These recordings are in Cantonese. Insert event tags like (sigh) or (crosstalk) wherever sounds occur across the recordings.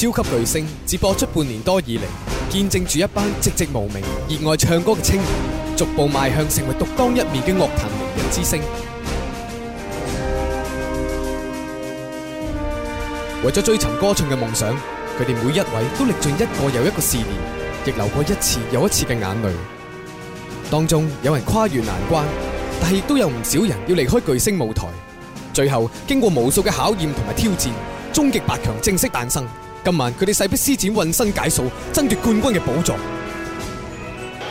超級巨星自播出半年多以嚟，見證住一班寂寂無名熱愛唱歌嘅青年，逐步邁向成為獨當一面嘅樂壇明日之星。為咗追尋歌唱嘅夢想，佢哋每一位都歷盡一個又一個試煉，亦流過一次又一次嘅眼淚。當中有人跨越難關，但係亦都有唔少人要離開巨星舞台。最後經過無數嘅考驗同埋挑戰，終極八強正式誕生。今晚佢哋勢必施展渾身解數爭奪冠軍嘅寶座。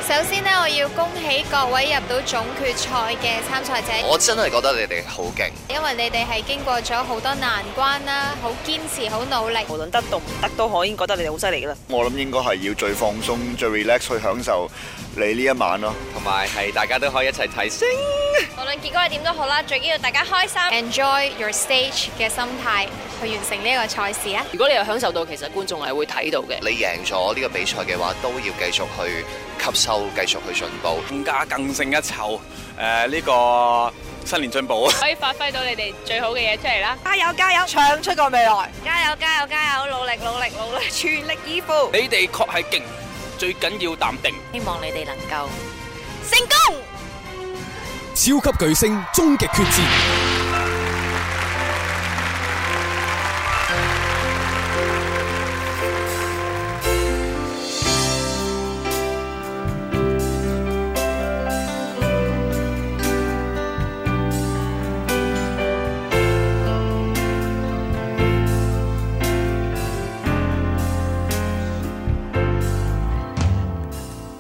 首先呢，我要恭喜各位入到總決賽嘅參賽者。我真係覺得你哋好勁，因為你哋係經過咗好多難關啦，好堅持，好努力，無論得到唔得，都可以覺得你哋好犀利噶啦。我諗應該係要最放鬆、最 relax 去享受你呢一晚咯，同埋係大家都可以一齊睇星。無論結果係點都好啦，最緊要大家開心，enjoy your stage 嘅心態去完成呢一個賽事啊！如果你有享受到，其實觀眾係會睇到嘅。你贏咗呢個比賽嘅話，都要繼續去吸收。繼續去進步，更加更勝一籌。誒，呢個新年進步，可以發揮到你哋最好嘅嘢出嚟啦！加油加油，唱出個未來！加油加油加油，努力努力努力，全力以赴！你哋確係勁，最緊要淡定。希望你哋能夠成功。超級巨星終極決戰。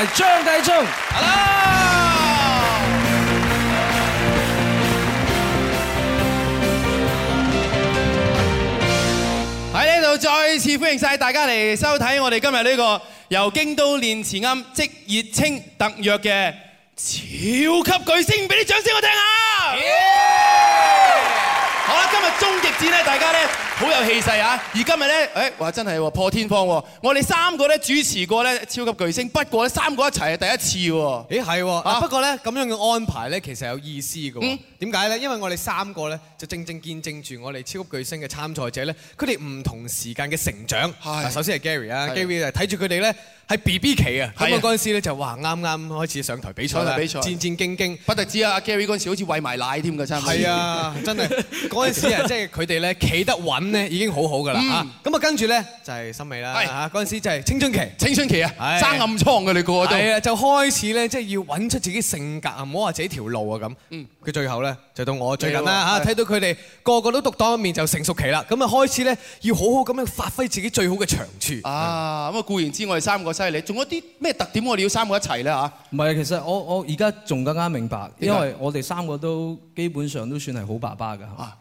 係張繼聰，Hello！喺呢度再次歡迎曬大家嚟收睇我哋今日呢個由京都念慈菴即熱青特約嘅超級巨星，俾啲掌聲我聽下。好啦，今日終極戰咧，大家咧～好有氣勢啊！而今日咧，誒、哎，哇，真係、哦、破天荒喎、哦！我哋三個咧主持過咧《超級巨星》，不過咧三個一齊係第一次喎、哦。咦、欸、係、哦、啊！不過咧咁樣嘅安排咧，其實有意思嘅、哦。點解咧？因為我哋三個咧就正正見證住我哋《超級巨星》嘅參賽者咧，佢哋唔同時間嘅成長係、啊。首先係 Gary 啊，Gary 睇住佢哋咧係 BB 期啊，咁啊嗰陣時咧就哇啱啱開始上台比、啊、比賽戰戰兢兢。不得知啊，Gary 嗰陣時好似餵埋奶添嘅差唔多。係啊，真係陣 (laughs) 時啊，即係佢哋咧企得穩。已經好好噶啦嚇，咁啊跟住咧就係、是、心美啦嚇，嗰陣時就係青春期，青春期啊，生暗瘡嘅你個個都係啊，就開始咧即係要揾出自己性格啊，唔好話自己條路啊咁。佢、嗯、最後咧就到我最近啦嚇，睇到佢哋個個都獨當一面就成熟期啦，咁啊開始咧要好好咁樣發揮自己最好嘅長處啊。咁啊固然之我哋三個犀利，仲有啲咩特點我哋要三個一齊咧嚇？唔係，其實我我而家仲更加明白，因為我哋三個都基本上都算係好爸爸嘅嚇。啊。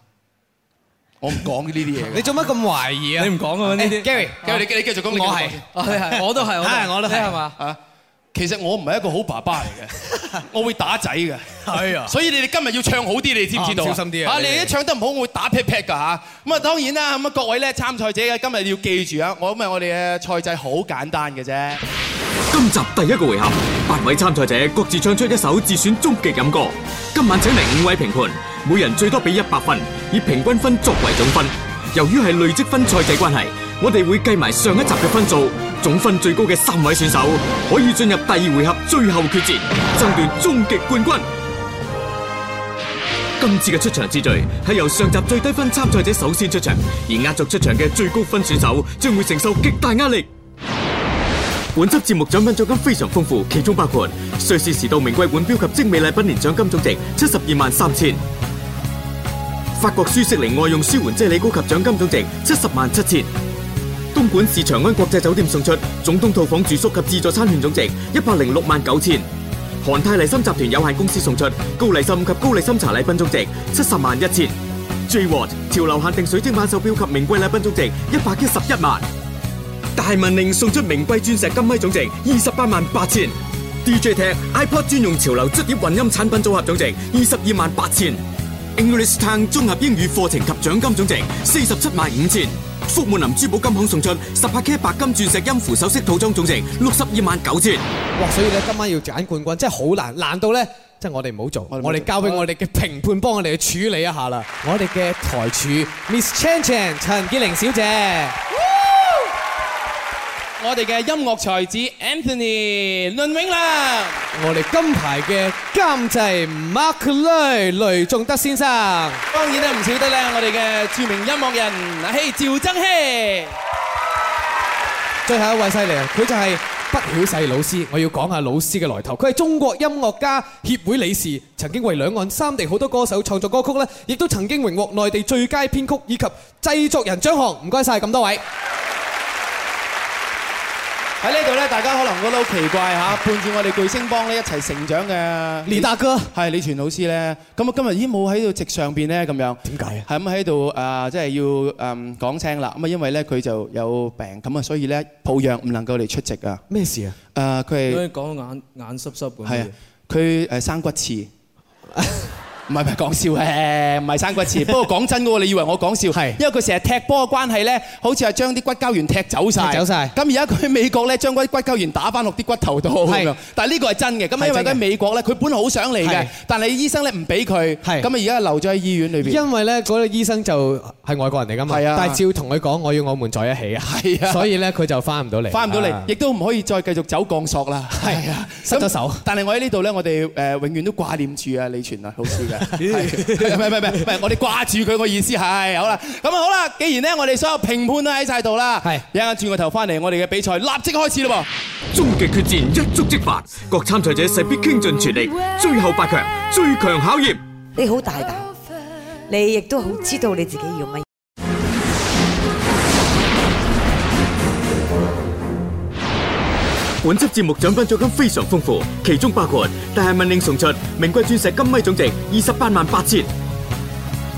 我唔講呢啲嘢，你做乜咁懷疑啊？你唔講嘅呢啲。Gary，Gary，hey, (music) (music) (music) (music) 你你繼續講。我係，我都係，我都係，我咧係其實我唔係一個好爸爸嚟嘅， (laughs) 我會打仔嘅、啊，所以你哋今日要唱好啲，你知唔知道？啊、小心啲啊！你哋一唱得唔好，我會打劈劈 t 噶嚇。咁啊，當然啦，咁啊，各位咧參賽者嘅今日要記住啊，為我今日我哋嘅賽制好簡單嘅啫。今集第一個回合，八位參賽者各自唱出一首自選中嘅飲歌。今晚請嚟五位評判，每人最多俾一百分，以平均分作為總分。由於係累積分賽制關係，我哋會計埋上，上一集嘅分數。總分最高嘅三位選手可以進入第二回合最後決戰，爭奪終極冠軍。今次嘅出場之序係由上集最低分參賽者首先出場，而壓軸出場嘅最高分選手將會承受極大壓力。本輯節目獎品獎金非常豐富，其中包括瑞士時度名貴腕錶及精美禮品，年獎金總值七十二萬三千；法國舒適靈外用舒緩啫喱膏及獎金總值七十萬七千。東莞市長安國際酒店送出總統套房住宿及自助餐券總值一百零六萬九千。韓泰麗森集團有限公司送出高麗參及高麗參茶禮品總值七十萬一千。J Watch 潮流限定水晶版手錶及名貴禮品總值一百一十一萬。大文寧送出名貴鑽石金威總值二十八萬八千。DJ TechiPod 專用潮流職業混音產品組合總值二十二萬八千。English Town 綜合英語課程及獎金總值四十七萬五千。福滿林珠寶金行送出十八 K 白金鑽石音符首飾套裝總值六十二萬九千。哇！所以咧，今晚要揀冠軍真係好難，難到咧，即係我哋唔好做，我哋交俾我哋嘅評判幫我哋去處理一下啦、啊。我哋嘅台柱 (laughs) Miss Chan Chan 陳潔玲小姐。我哋嘅音樂才子 Anthony 倫永亮、我哋金牌嘅監製 Mark Lee 雷頌德先生，當然咧唔少得咧我哋嘅著名音樂人阿希趙增熹，最後一位犀利啊，佢就係不曉世老師。我要講下老師嘅來頭，佢係中國音樂家協會理事，曾經為兩岸三地好多歌手創作歌曲咧，亦都曾經榮獲內地最佳編曲以及製作人獎項。唔該晒咁多位。喺呢度咧，大家可能覺得好奇怪嚇，伴住我哋巨星幫咧一齊成長嘅李，李大哥，係李全老師咧。咁啊，今日已經冇喺度席上邊咧，咁樣點解啊？係咁喺度啊，即係、呃就是、要誒講聲啦。咁、呃、啊，因為咧佢就有病，咁啊，所以咧抱恙唔能夠嚟出席啊。咩事啊？誒、呃，佢講眼眼濕濕咁。係啊，佢誒、呃、生骨刺。 (laughs) 唔係唔係講笑唔係生骨刺。 (laughs) 不過講真嘅喎，你以為我講笑？ (laughs) 係。因為佢成日踢波嘅關係咧，好似係將啲骨膠原踢走晒。走曬。咁而家佢喺美國咧，將啲骨膠原打翻落啲骨頭度。係。但係呢個係真嘅。咁因為佢喺美國咧，佢本好想嚟嘅，但係醫生咧唔俾佢。係。咁啊，而家留咗喺醫院裏邊。因為咧，嗰個醫生就係外國人嚟㗎嘛。係啊。但係照同佢講，我要我們在一起啊。係啊。所以咧，佢就翻唔到嚟。翻唔到嚟，亦都唔可以再繼續走鋼索啦。係啊。啊失咗手。但係我喺呢度咧，我哋誒永遠都掛念住啊李全啊老師嘅。好係， (laughs) 唔係唔係唔係，我哋掛住佢個意思係，好啦，咁啊好啦，既然呢，我哋所有評判都喺晒度啦，係，一陣轉個頭翻嚟，我哋嘅比賽立即開始啦噃，終極決戰一觸即發，各參賽者勢必傾盡全力，最後八強最強考驗，你好大膽，你亦都好知道你自己要乜。本輯節目獎品獎金非常豐富，其中包括戴名令送出名貴鑽石金米總值二十八萬八千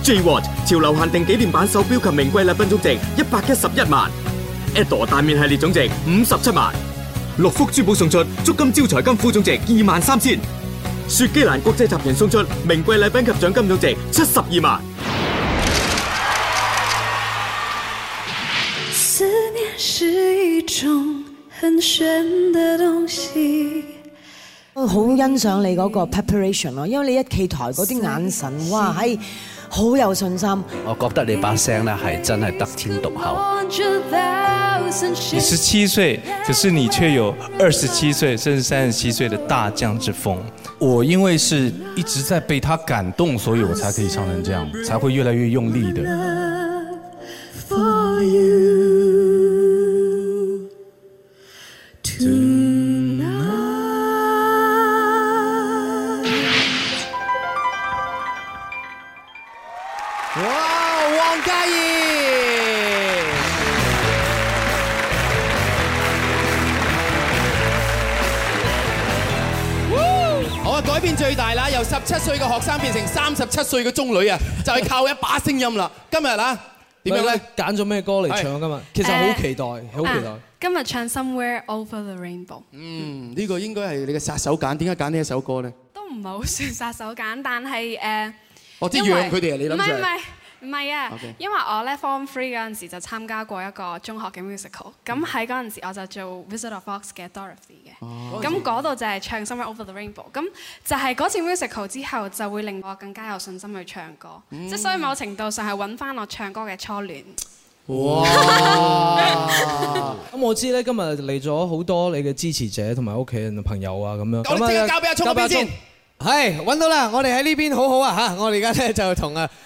；J Watch 潮流限定紀念版手錶及名貴禮品總值一百一十一萬；Adore 大面系列總值五十七萬；六福珠寶送出足金招財金斧總值二萬三千；雪肌蘭國際集團送出名貴禮品及獎金總值七十二萬。我好欣賞你嗰個 preparation 咯，因為你一企台嗰啲眼神，哇，係好有信心。我覺得你把聲呢，係真係得天獨厚。你十七歲，可是你卻有二十七歲甚至三十七歲的大將之風。我因為是一直在被他感動，所以我才可以唱成這樣，才會越來越用力的。最大啦，由十七歲嘅學生變成三十七歲嘅中女啊，就係、是、靠一把聲音啦。今日啊，點樣咧？揀咗咩歌嚟唱㗎嘛？其實好期待，好、uh, 期待。Uh, 今日唱 Somewhere Over the Rainbow。嗯，呢、這個應該係你嘅殺手鐧。點解揀呢一首歌咧？都唔係好算殺手鐧，但係誒，我啲養佢哋啊，你諗住？唔係啊，因為我咧 form three 嗰陣時就參加過一個中學嘅 musical，咁喺嗰陣時我就做 Wizard of Oz 嘅 Dorothy 嘅，咁嗰度就係唱《Somewhere Over the Rainbow》，咁就係嗰次 musical 之後就會令我更加有信心去唱歌，即、嗯、係所以某程度上係揾翻我唱歌嘅初戀。哇！咁 (laughs) 我知咧，今日嚟咗好多你嘅支持者同埋屋企人嘅朋友啊咁樣。咁即刻交俾阿聰嘅標籤。係揾到啦，我哋喺呢邊好好啊嚇，我哋而家咧就同啊～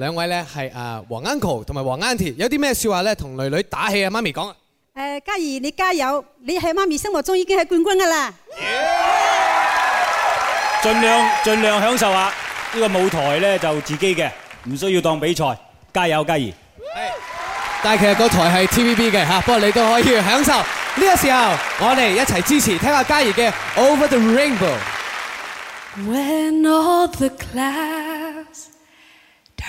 兩位咧係誒黃 uncle 同埋黃 auntie，有啲咩說話咧？同女女打氣啊，媽咪講誒嘉怡，你加油！你喺媽咪心目中已經係冠軍噶啦，儘量儘量享受下呢個舞台咧，就自己嘅，唔需要當比賽。加油，嘉怡！但係其實個台係 TVB 嘅嚇，不過你都可以享受呢個時候，我哋一齊支持聽下嘉怡嘅 Over the Rainbow。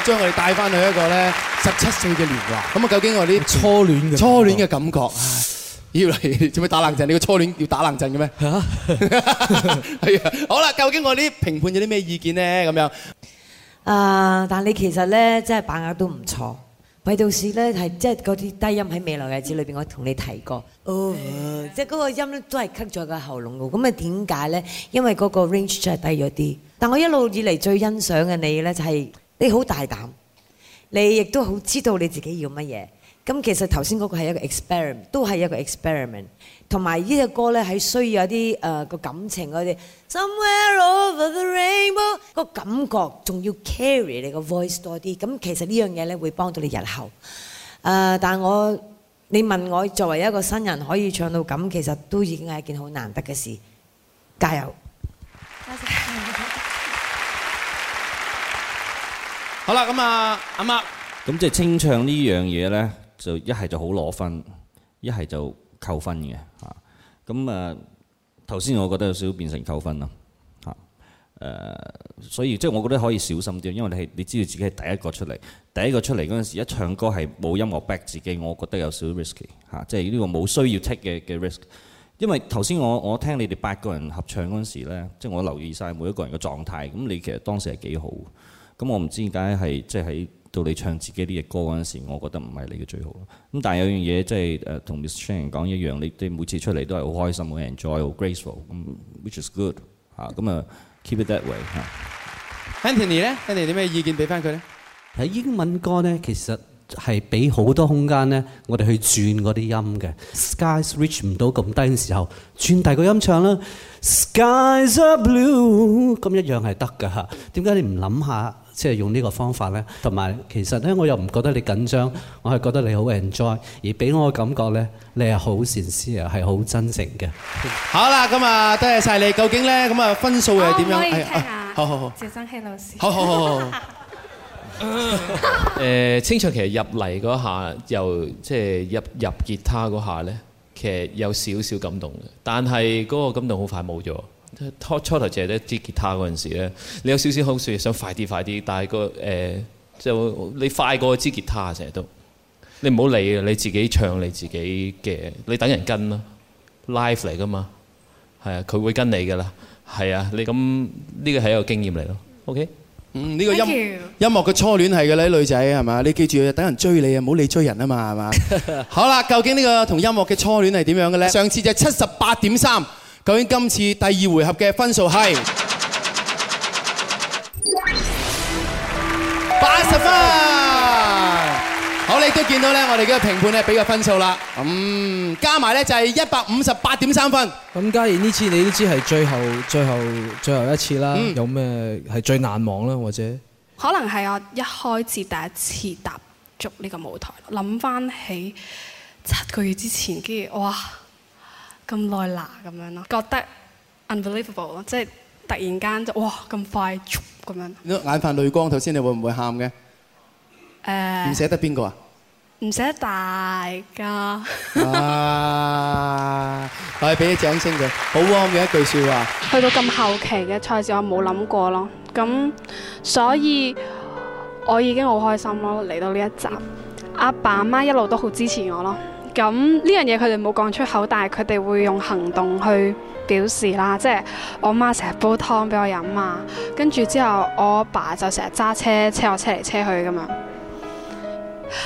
將我哋帶翻去一個咧十七歲嘅年華。咁啊，究竟我啲初戀初戀嘅感覺，要嚟做咩打冷震？你個初戀要打冷震嘅咩？係啊， (laughs) (laughs) (laughs) 好啦，究竟我啲評判有啲咩意見咧？咁樣啊，但你其實咧，即係把握都唔錯。費、mm -hmm. 到時咧係即係嗰啲低音喺未來日子裏邊，我同你提過，mm -hmm. oh, uh, 即係嗰個音咧都係吸咗個喉嚨嘅。咁啊點解咧？因為嗰個 range 真係低咗啲。但我一路以嚟最欣賞嘅你咧，就係、是。你好大膽，你亦都好知道你自己要乜嘢。咁其實頭先嗰個係一個 experiment，都係一個 experiment。同埋呢隻歌咧係需要一啲誒個感情嗰啲。Somewhere over the rainbow，個感覺仲要 carry 你個 voice 多啲。咁其實呢樣嘢咧會幫到你日後。誒、呃，但我你問我作為一個新人可以唱到咁，其實都已經係一件好難得嘅事。加油！謝謝。好啦，咁啊，阿媽，咁即係清唱呢樣嘢呢，就一係就好攞分，一係就扣分嘅嚇。咁啊，頭先我覺得有少少變成扣分啦嚇。誒，所以即係我覺得可以小心啲，因為你係你知道自己係第一個出嚟，第一個出嚟嗰陣時一唱歌係冇音樂 back 自己，我覺得有少 risky 嚇，即係呢個冇需要 take 嘅嘅 risk。因為頭先我我聽你哋八個人合唱嗰陣時咧，即係我留意曬每一個人嘅狀態，咁你其實當時係幾好的。咁我唔知點解係即係喺到你唱自己呢隻歌嗰陣時，我覺得唔係你嘅最好咯。咁但係有樣嘢即係誒同 Mr. Chan 講一樣，你你每次出嚟都係好開心，好 enjoy，好 graceful，咁 which is good 嚇。咁啊 keep it that way 嚇。Anthony 咧，Anthony 有咩意見俾翻佢咧？喺英文歌咧，其實係俾好多空間咧，我哋去轉嗰啲音嘅。Skies reach 唔到咁低嘅時候，轉大個音唱啦。Skies are blue，咁一樣係得㗎嚇。點解你唔諗下？即係用呢個方法咧，同埋其實咧，我又唔覺得你緊張，我係覺得你好 enjoy，而俾我嘅感覺咧，你係好善思啊，係好真誠嘅。好啦，咁啊，多謝晒你。究竟咧咁啊，分數又係點樣，哦？可以聽下，哎。好好好，謝生希老師。好好好。誒，青卓其實入嚟嗰下，又即係入入吉他嗰下咧，其實有少少感動嘅，但係嗰個感動好快冇咗。拖初初頭淨係得支吉他嗰陣時咧，你有少少好想想快啲快啲，但係、那個誒、呃、就你快過支吉他成日都，你唔好理嘅，你自己唱你自己嘅，你等人跟咯 live 嚟噶嘛，係啊，佢會跟你噶啦，係啊，你咁呢個係一個經驗嚟咯，OK？嗯，呢個音音樂嘅初戀係嘅咧，女仔係嘛，你記住等人追你啊，唔好理追人啊嘛，係嘛？ (laughs) 好啦，究竟這個呢個同音樂嘅初戀係點樣嘅咧？上次就係七十八點三。究竟今次第二回合嘅分數係八十分？好，你都見到咧，我哋幾個評判咧俾個分數啦。嗯，加埋咧就係一百五十八點三分。咁嘉怡呢次你都知係最後、最後、最後一次啦。有咩係最難忘啦？或者可能係我一開始第一次踏足呢個舞台。諗翻起七個月之前，跟住哇！咁耐啦，咁樣咯，覺得 unbelievable，即係突然間就哇咁快咁樣。眼泛淚光，頭先你會唔會喊嘅？uh, 唔捨得邊個啊？唔捨得大家。我係俾啲掌聲佢，好 warm 嘅一句說話。去到咁後期嘅賽事，我冇諗過咯，咁所以我已經好開心咯，嚟到呢一集，阿爸阿媽，媽一路都好支持我咯。咁呢樣嘢佢哋冇講出口，但係佢哋會用行動去表示啦。即係我媽成日煲湯俾我飲啊，跟住之後我阿爸就成日揸車車我車嚟車去咁樣。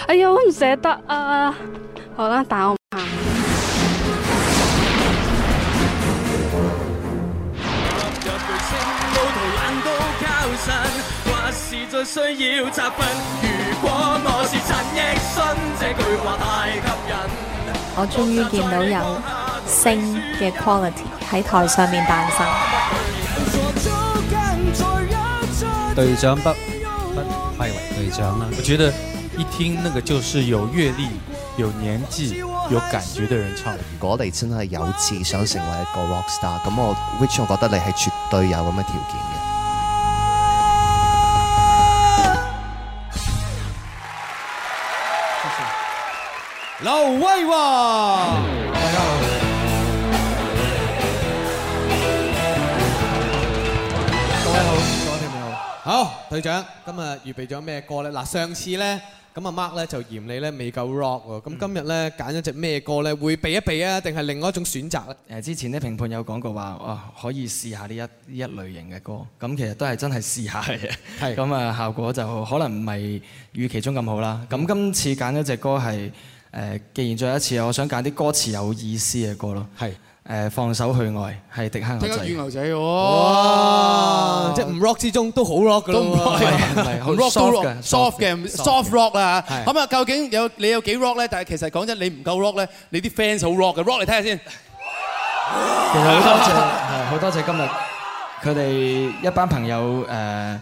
哎呀，我唔捨得啊！好啦，但我唔喊。 (music) (music) 我終於見到有星嘅 quality 喺台上面誕生。隊長不不愧為隊長啦！我覺得一聽那個就是有閱歷、有年紀、有感覺的人唱。如果你真係有志想成為一個 rock star，咁我 which 我覺得你係絕對有咁嘅條件嘅。劉威華，大家好，各位你，你，你，你好，好隊長，今日預備咗咩歌咧？嗱，上次咧咁啊 Mark 咧就嫌你咧未夠 rock 喎，咁、嗯、今日咧揀咗隻咩歌咧？會避一避啊，定係另外一種選擇咧？誒，之前咧評判有講過話，哦，可以試下呢一呢一類型嘅歌，咁其實都係真係試下嘅，係咁啊，效果就好可能唔係預期中咁好啦。咁、嗯、今次揀咗隻歌係。誒，既然最後一次，我想揀啲歌詞有意思嘅歌咯、呃。放手去愛係迪克牛仔。牛仔喎。哇！即係唔 rock 之中都好 rock 嘅咯。唔 rock, (laughs) rock soft 都 rock，soft 嘅 soft, soft rock 啦。咁啊，究竟有你有幾 rock 咧？但係其實講真，你唔夠 rock 咧，你啲 fans 好 rock 嘅 rock 嚟睇聽下先。其實好多謝，好 (laughs) 多謝今日佢哋一班朋友誒。呃。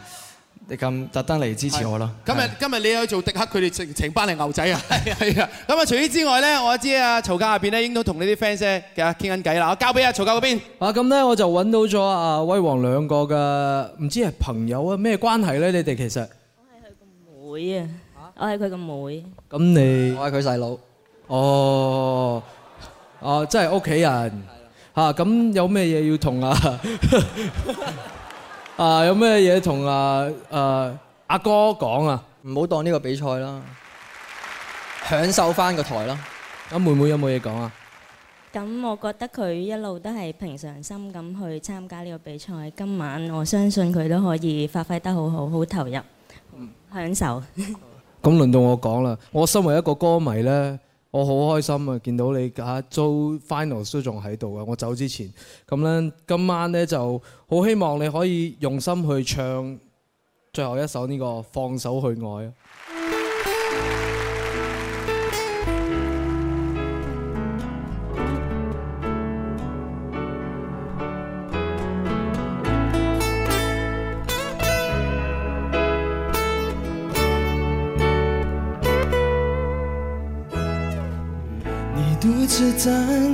你咁特登嚟支持我咯！今日今日你去做迪克，佢哋成成班嚟牛仔啊！係啊！咁啊，除此之外咧，我知啊，曹教入邊咧應該同呢啲 fans 啊傾緊偈啦。我交俾阿曹教嗰邊。啊，咁咧我就揾到咗阿、啊、威王兩個嘅，唔知係朋友啊咩關係咧？你哋，其實我係佢個妹，妹啊！我係佢個妹。咁你我係佢細佬。哦哦，即係屋企人。嚇咁有咩嘢要同啊？ (laughs) 啊！有咩嘢同啊啊阿哥講啊？唔好當呢個比賽啦，享受翻個台啦。咁妹妹有冇嘢講啊？咁我覺得佢一路都係平常心咁去參加呢個比賽。今晚我相信佢都可以發揮得好好，好投入，享受。咁輪到我講啦。我身為一個歌迷咧，我好開心啊！見到你嚇，Joe Finals 都仲喺度啊！我走之前咁呢，今晚呢，就好希望你可以用心去唱最後一首呢、呢個《放手去愛》。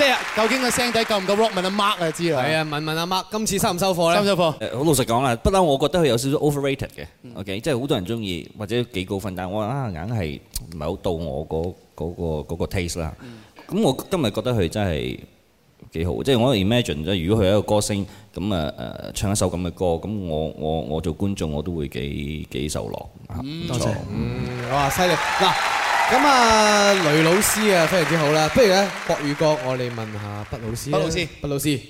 即係，究竟個聲底夠唔夠 rock？問阿 Mark 啊，知啦。係啊，問問阿 Mark，今次收唔收貨咧？收唔收貨？誒，好老實講啦，不嬲，我覺得佢有少少 overrated 嘅。OK，即係好多人中意，或者幾高分，但係我啊硬係唔係好到我嗰嗰個嗰個 taste 啦。咁我今日覺得佢真係幾好，即係我 imagine 咗，如果佢係一個歌星，咁啊誒唱一首咁嘅歌，咁我我我做觀眾我都會幾幾受落。多謝。嗯，哇，犀利！嗱。咁啊，雷老師啊，非常之好啦，啊。不如，啊、國語呢，國語歌我哋問下畢老師，畢老師，畢老師，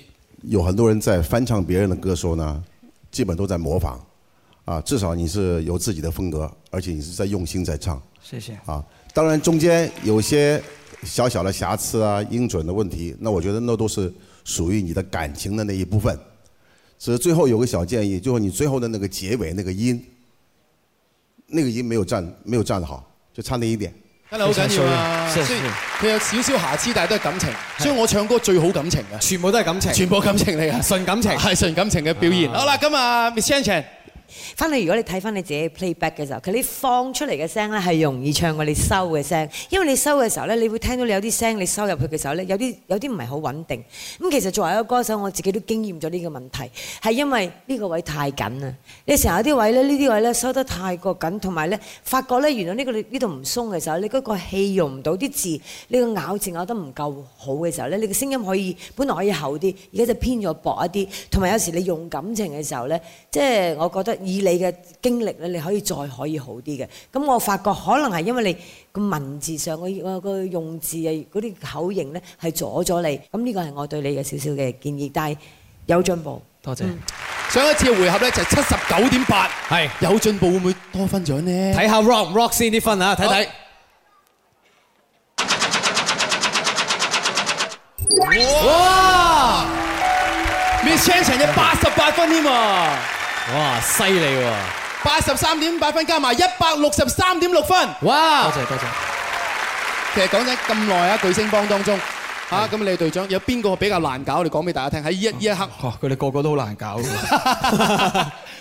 有很多人在翻唱別人的歌時候呢，基本都在模仿。啊，至少你是有自己的風格，而且你是在用心在唱。謝謝。啊，當然中間有些小小的瑕疵啊，音準的問題，那我覺得那都是屬於你的感情的那一部分。只是最後有個小建議，最後你最後的那個結尾那個音，那個音沒有站，沒有站得好，就差那一點。真係好緊要啊！雖然佢有少少瑕疵，但係都係感情。所以我唱歌最好感情嘅，全部都係感情，全部感情嚟嘅，純感情，係純感情嘅表現、啊。好啦，咁啊，Miss 倩倩。翻嚟如果你睇翻你自己的 playback 嘅時候，其實你放出嚟嘅聲咧係容易唱過你收嘅聲，因為你收嘅時候咧，你會聽到你有啲聲你收入去嘅時候咧，有啲有啲唔係好穩定。咁其實作為一個歌手，我自己都經驗咗呢個問題，係因為呢個位太緊啦。你成日有啲位咧，呢啲位咧收得太過緊，同埋咧發覺咧，原來呢、呢個呢度唔鬆嘅時候，你嗰個氣用唔到啲字，你個咬字咬得唔夠好嘅時候咧，你嘅聲音可以本來可以厚啲，而家就偏咗薄一啲。同埋有，有時你用感情嘅時候咧，即係我覺得。以你嘅經歷咧，你可以再可以好啲嘅。咁我發覺可能係因為你個文字上個個個用字啊，嗰啲口型咧係阻咗你。咁呢個係我對你嘅少少嘅建議。但係有進步。多謝。上一次嘅回合咧就係七十九點八，係有進步會唔會多分獎咧？睇下 Rock Rock 先啲分啊！睇睇。哇！你唱成咗八十八分添啊！哇，犀利喎！八十三點八分加埋一百六十三點六分，哇！多謝多謝。其實講真咁耐啊，巨星幫當中，吓咁你隊長有邊個比較難搞？我哋講俾大家聽喺依一依一刻，佢哋個個都好難搞，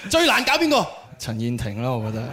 最難搞邊個？陳燕婷囉，我覺得。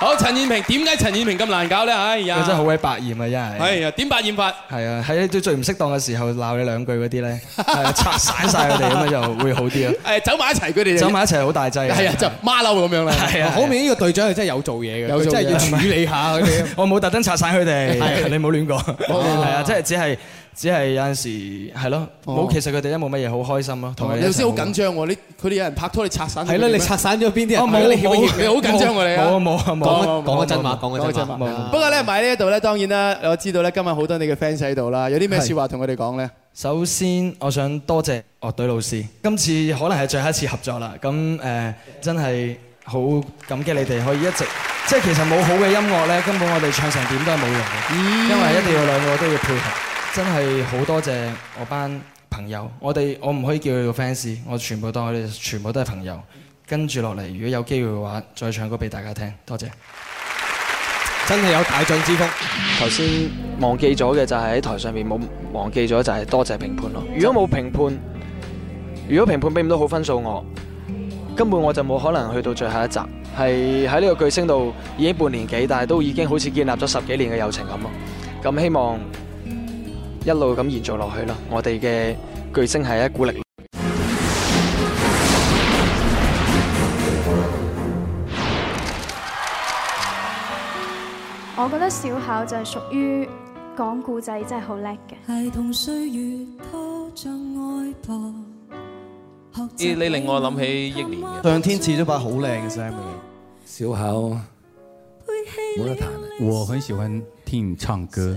好，陳燕萍點解陳燕萍咁難搞咧？哎呀，真係好鬼百厭啊，真係。哎呀，點百厭法？係啊，喺啲最唔適當嘅時候鬧你兩句嗰啲咧，係啊，拆散晒佢哋咁啊，就會好啲咯。誒，走埋一齊佢哋，走埋一齊好大劑。係啊，就馬騮咁樣啦。係啊，好明顯呢個隊長係真係有做嘢嘅，有真係要處理下佢哋。我冇特登拆散佢哋，係你冇亂講，係啊，即係只係。只係有陣時係咯，冇其實佢哋都冇乜嘢好開心咯。同你頭先好緊張喎，你佢哋有人拍拖，你拆散。係咯，你拆散咗邊啲人？唔啊你好緊張我哋冇冇冇啊！講講真話，講個真話。不過咧，埋呢一度咧，當然啦，我知道咧，今日好多你嘅 fans 喺度啦，有啲咩説話同佢哋講咧？首先，我想多謝樂隊老師，今次可能係最後一次合作啦。咁誒，真係好感激你哋可以一直，即係其實冇好嘅音樂咧，根本我哋唱成點都係冇用嘅，因為一定要兩個都要配合。真係好多謝我班朋友我，我哋我唔可以叫佢做 fans，我全部當佢哋全部都係朋友。跟住落嚟，如果有機會嘅話，再唱歌俾大家聽。多謝，真係有大將之福。頭先忘記咗嘅就係喺台上面冇忘記咗，就係多謝評判咯。如果冇評判，如果評判俾唔到好分數，我根本我就冇可能去到最後一集。係喺呢個巨星度已經半年幾，但係都已經好似建立咗十幾年嘅友情咁咯。咁希望。一路咁延續落去咯，我哋嘅巨星係一股力。我覺得小考就係屬於講故仔真係好叻嘅。呢，你令我諗起憶蓮嘅，向天賜咗把好靚嘅聲俾你。小考，我我很喜歡聽你唱歌。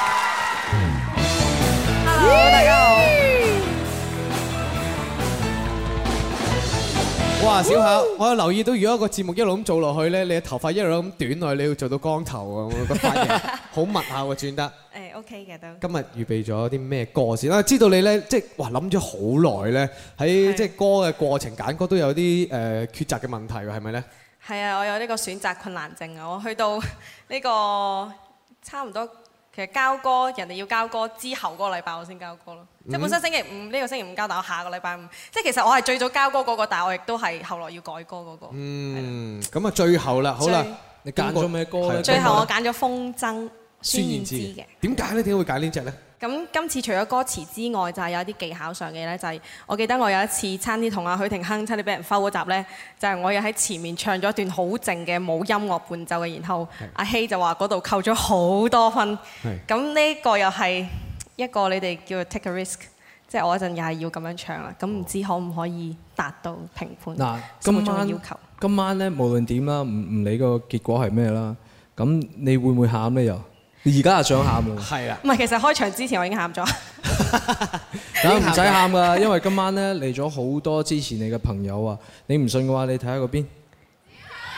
哇小夏，我有留意到，如果一個節目一路咁做落去咧，你嘅頭髮一路咁短落去，你要做到光頭髮 (laughs) 啊！個髮型好密下我轉得。誒 OK 嘅都。今日預備咗啲咩歌先啦、啊？知道你咧，即係哇諗咗好耐咧，喺即係歌嘅過程揀歌都有啲誒、呃、抉擇嘅問題喎，係咪咧？係啊，我有呢個選擇困難症啊！我去到呢、呢個差唔多，其實交歌人哋要交歌之後個禮拜，我先交歌咯。即、嗯、係本身星期五呢個星期五交，但我下個禮拜五。即係其實我係最早交歌嗰、那個，但係我亦都係後來要改歌嗰、那個。嗯，咁啊最後啦，好啦，你揀咗咩歌？最後我揀咗《了風箏》宣言之言，孫燕姿嘅。點解呢？點解會揀呢隻呢？咁今次除咗歌詞之外，就係、是、有啲技巧上嘅呢就係、是、我記得我有一次差啲同阿許廷鏗差啲俾人摟嗰集呢，就係、是、我有喺前面唱咗一段好靜嘅冇音樂伴奏嘅，然後阿、啊、希就話嗰度扣咗好多分。咁呢個又係。一個你哋叫做 take a risk，即係我嗰陣又係要咁樣唱啦，咁唔知可唔可以達到評判心目中嘅要求？今晚咧，無論點啦，唔唔理個結果係咩啦，咁你會唔會喊咧？又你而家又想喊喎。係、嗯、啊。唔係，其實開場之前我已經喊咗。唔使喊㗎，因為今晚咧嚟咗好多支持你嘅朋友啊！你唔信嘅話，你睇下嗰邊，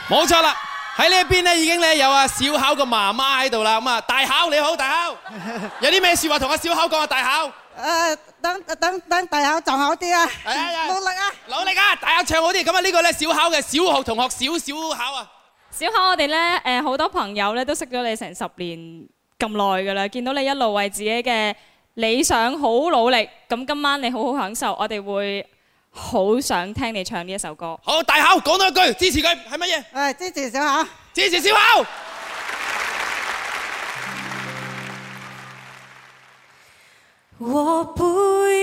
冇錯啦。喺呢一邊咧已經咧有啊小考嘅媽媽喺度啦，咁啊大考你好，大考 (laughs) 有啲咩説話同啊小考講啊大考誒、呃，等等等大考就好啲啊！努力啊！努力啊！大家唱好啲，咁啊呢個咧小考嘅小學同學小小考啊！小考我哋咧誒好多朋友咧都識咗你成十年咁耐㗎啦，見到你一路為自己嘅理想好努力，咁今晚你好好享受，我哋會。好想聽你唱呢一首歌。好，大口講多一句，支持佢係乜嘢？誒、哎，支持小口。支持小口。我不。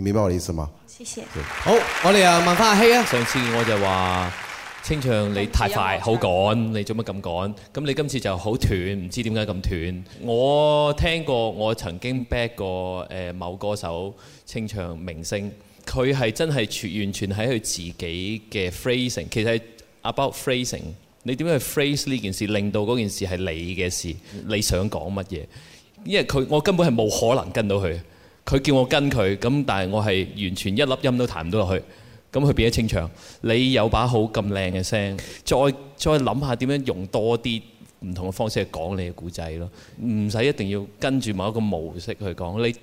你明白我意思嘛？好，我哋又問翻阿希啊。上次我就話清唱你太快，好趕，你做乜咁趕？咁你今次就好斷，唔知點解咁斷。我聽過，我曾經 back 過某歌手清唱明星，佢係真係全完全喺佢自己嘅 phrasing，其實係 about phrasing。你點樣去 phrase 呢件事，令到嗰件事係你嘅事，你想講乜嘢？因為佢我根本係冇可能跟到佢。佢叫我跟佢，咁但係我係完全一粒音都彈唔到落去，咁佢變咗清場。你有把好咁靚嘅聲，再再諗下點樣用多啲唔同嘅方式去講你嘅故仔咯，唔使一定要跟住某一個模式去講。你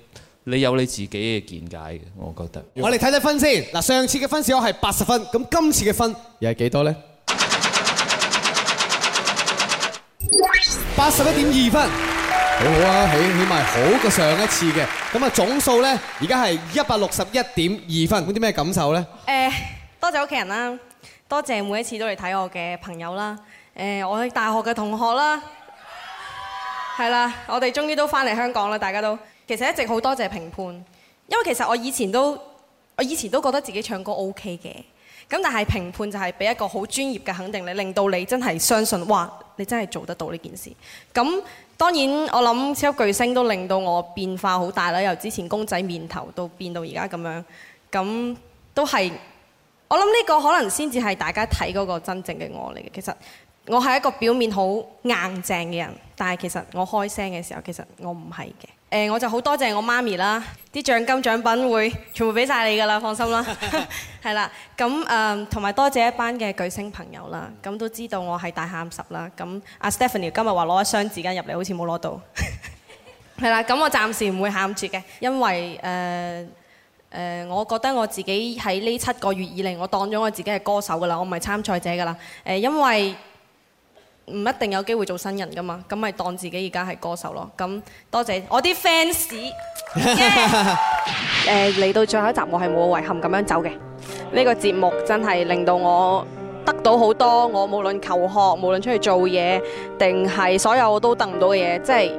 你有你自己嘅見解嘅，我覺得。我哋睇睇分先，嗱，上次嘅分數我係八十分，咁今次嘅分又係幾多呢？八十一點二分。好好啊，起起碼好過上一次嘅。咁啊，總數呢，而家係一百六十一點二分，啲咩感受呢？誒、uh,，多謝屋企人啦，多謝每一次都嚟睇我嘅朋友啦，誒、uh,，我大學嘅同學啦，係、uh、啦 -huh.，我哋終於都翻嚟香港啦，大家都。其實一直好多謝評判，因為其實我以前都我以前都覺得自己唱歌 OK 嘅，咁但係評判就係俾一個好專業嘅肯定力，你令到你真係相信，哇，你真係做得到呢件事。咁當然，我諗超級巨星都令到我變化好大啦，由之前公仔麵頭都變到而家咁樣，咁都係我諗呢個可能先至係大家睇嗰個真正嘅我嚟嘅。其實我係一個表面好硬淨嘅人，但係其實我開聲嘅時候，其實我唔係嘅。誒我就好多謝我媽咪啦，啲獎金獎品會全部俾晒你㗎啦，放心啦，係 (laughs) 啦，咁誒同埋多謝一班嘅巨星朋友啦，咁都知道我係大喊十啦，咁阿 Stephanie 今日話攞一箱紙巾入嚟，好似冇攞到，係 (laughs) 啦，咁我暫時唔會喊住嘅，因為誒誒、呃呃，我覺得我自己喺呢七個月以嚟，我當咗我自己係歌手㗎啦，我唔係參賽者㗎啦，誒、呃、因為。唔一定有機會做新人噶嘛，咁咪當自己而家係歌手咯。咁多謝我啲 fans。誒嚟到最後一集，我係冇遺憾咁樣走嘅。呢個節目真係令到我得到好多。我無論求學，無論出去做嘢，定係所有我都得唔到嘅嘢，即係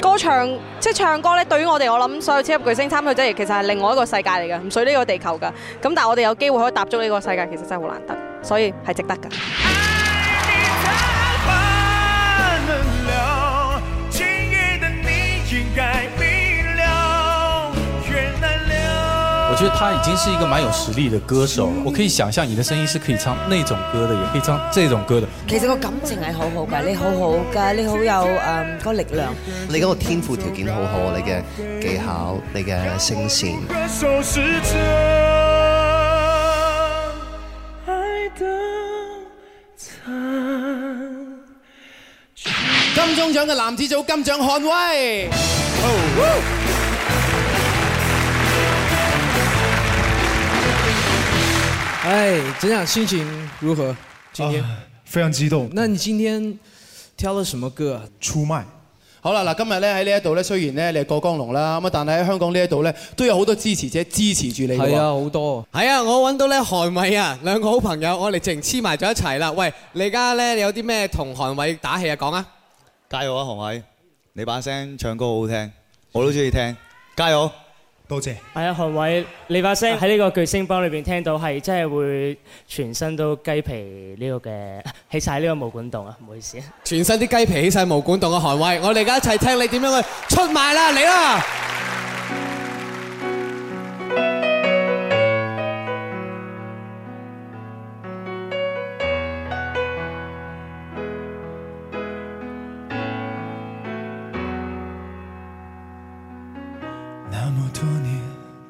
歌唱即係唱歌咧。對於我哋，我諗所有超級巨星參賽者即係其實係另外一個世界嚟㗎，唔屬於呢個地球㗎。咁但係我哋有機會可以踏足呢個世界，其實真係好難得，所以係值得㗎。我覺得他已經是一個蠻有實力的歌手了，我可以想象你的聲音是可以唱那種歌的，也可以唱這種歌的。其實個感情係好好噶，你好好噶，你好有誒、嗯那個力量。你嗰個天賦條件好好，你嘅技巧，你嘅聲線。 (music) 金鐘獎嘅男子組金獎韓偉。Oh. (laughs) 哎，陳生心情如何？今天、啊、非常激動。那你今天挑了什麼歌？出賣。好啦，嗱，今日咧喺呢一度咧，雖然咧你係過江龍啦，咁啊，但係喺香港這裡呢一度咧都有好多支持者支持住你㗎啊，好多、哦。係啊，我揾到咧韓偉啊，兩個好朋友，我哋直情黐埋咗一齊啦。喂，你而家咧你有啲咩同韓偉打氣啊？講啊！加油啊，韓偉！你把聲唱歌好好聽，我都中意聽。加油！多謝。係啊，韓偉，你把聲喺呢個巨聲幫裏邊聽到係真係會全身都雞皮呢個嘅起晒呢個毛管洞啊！唔好意思。全身啲雞皮起晒毛管洞啊！韓偉，我哋而家一齊聽你點樣去出賣啦！嚟啦！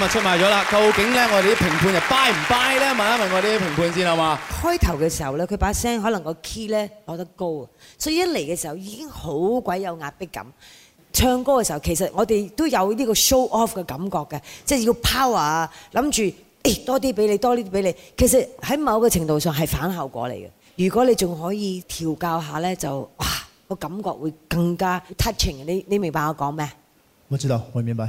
咁咪出賣咗啦！究竟咧，我哋啲評判就 buy 唔 buy 咧？問一問我哋啲評判先好嘛。開頭嘅時候咧，佢把聲可能個 key 咧攞得高啊，所以一嚟嘅時候已經好鬼有壓迫感。唱歌嘅時候，其實我哋都有呢個 show off 嘅感覺嘅，即係要 power 啊，諗住誒多啲俾你，多啲俾你。其實喺某個程度上係反效果嚟嘅。如果你仲可以調教下咧，就哇個感覺會更加 touching 你。你你明白我講咩？我知道，我明白。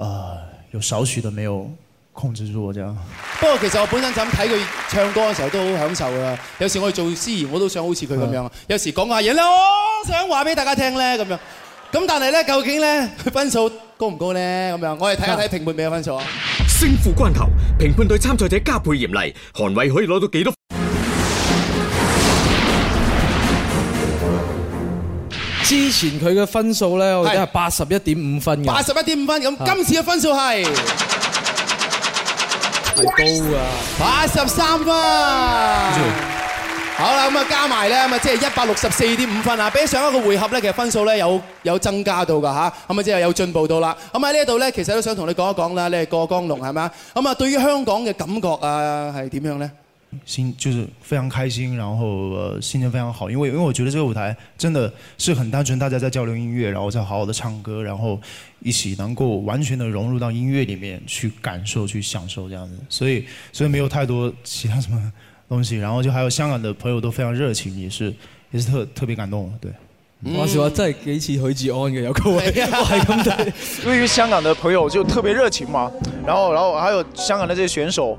啊、uh，有少許的沒有控制住我啫。不過其實我本身就咁睇佢唱歌嘅時候都好享受噶有時我哋做司儀，我都想好似佢咁樣。有時講下嘢咧，想話俾大家聽咧咁樣。咁但係咧，究竟咧佢分數高唔高呢？咁樣我哋睇下睇評判俾嘅分數啊。勝負關頭，評判對參賽者加倍嚴厲。韓偉可以攞到幾多？前佢嘅分數咧，我記得係八十一點五分嘅。八十一點五分，咁今次嘅分數係係高啊，八十三分。好啦，咁啊加埋咧，咁啊即係一百六十四點五分啊！比起上一個回合咧，其實分數咧有有增加到㗎吓，咁啊即係有進步到啦。咁喺呢一度咧，其實都想同你講一講啦，你係過江龍係咪？咁啊，對於香港嘅感覺啊，係點樣咧？心就是非常開心，然後呃心情非常好，因為因為我覺得這個舞台真的是很單純，大家在交流音樂，然後再好好的唱歌，然後一起能夠完全的融入到音樂裏面去感受、去享受這樣子，所以所以沒有太多其他什麼東西，然後就還有香港的朋友都非常熱情，也是也是特特別感動，對。老、嗯、再話真係幾似許志安嘅，有幾位係咁嘅， (laughs) 因為香港的朋友就特別熱情嘛，然後然後還有香港的這些選手。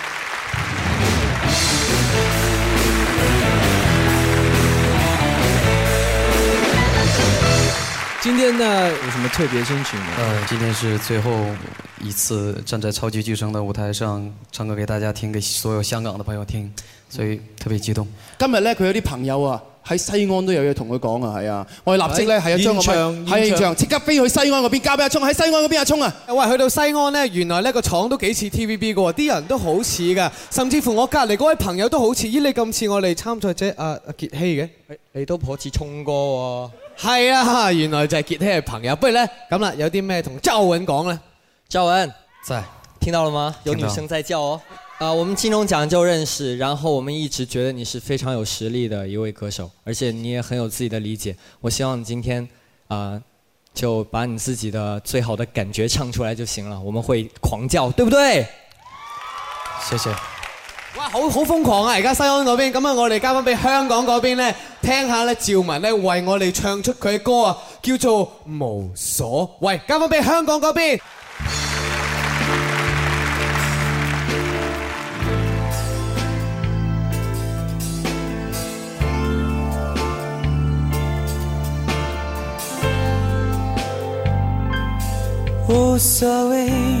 今天呢有什麼特別心情的？嗯，今天是最後一次站在超級巨聲的舞台上唱歌給大家聽，給所有香港的朋友聽，所以特別激動。今日呢，佢有啲朋友啊喺西安都有嘢同佢講啊，係啊，我哋立即呢，係要將我場係、哎啊、場即刻飛去西安嗰邊交俾阿聰，喺西安嗰邊阿聰啊。喂，去到西安呢，原來呢個廠都幾似 TVB 噶，啲人都好似噶，甚至乎我隔籬嗰位朋友都好似咦，依你咁似我哋參賽者阿阿傑希嘅，你都頗似聰哥。係啊，原來就係傑希嘅朋友。不如咧咁啦，有啲咩同趙文講咧？趙文，在聽聽到了嗎？有女生在叫哦。啊，uh, 我們金鐘獎就認識，然後我們一直覺得你是非常有實力的一位歌手，而且你也很有自己的理解。我希望你今天啊，uh, 就把你自己的最好的感覺唱出來就行了。我們會狂叫，對不對？謝謝。哇！好好瘋狂啊，而家西安嗰邊咁啊，我哋交翻俾香港嗰邊咧，聽下咧趙文咧為我哋唱出佢嘅歌啊，叫做《無所謂》。交翻俾香港嗰邊。無所謂。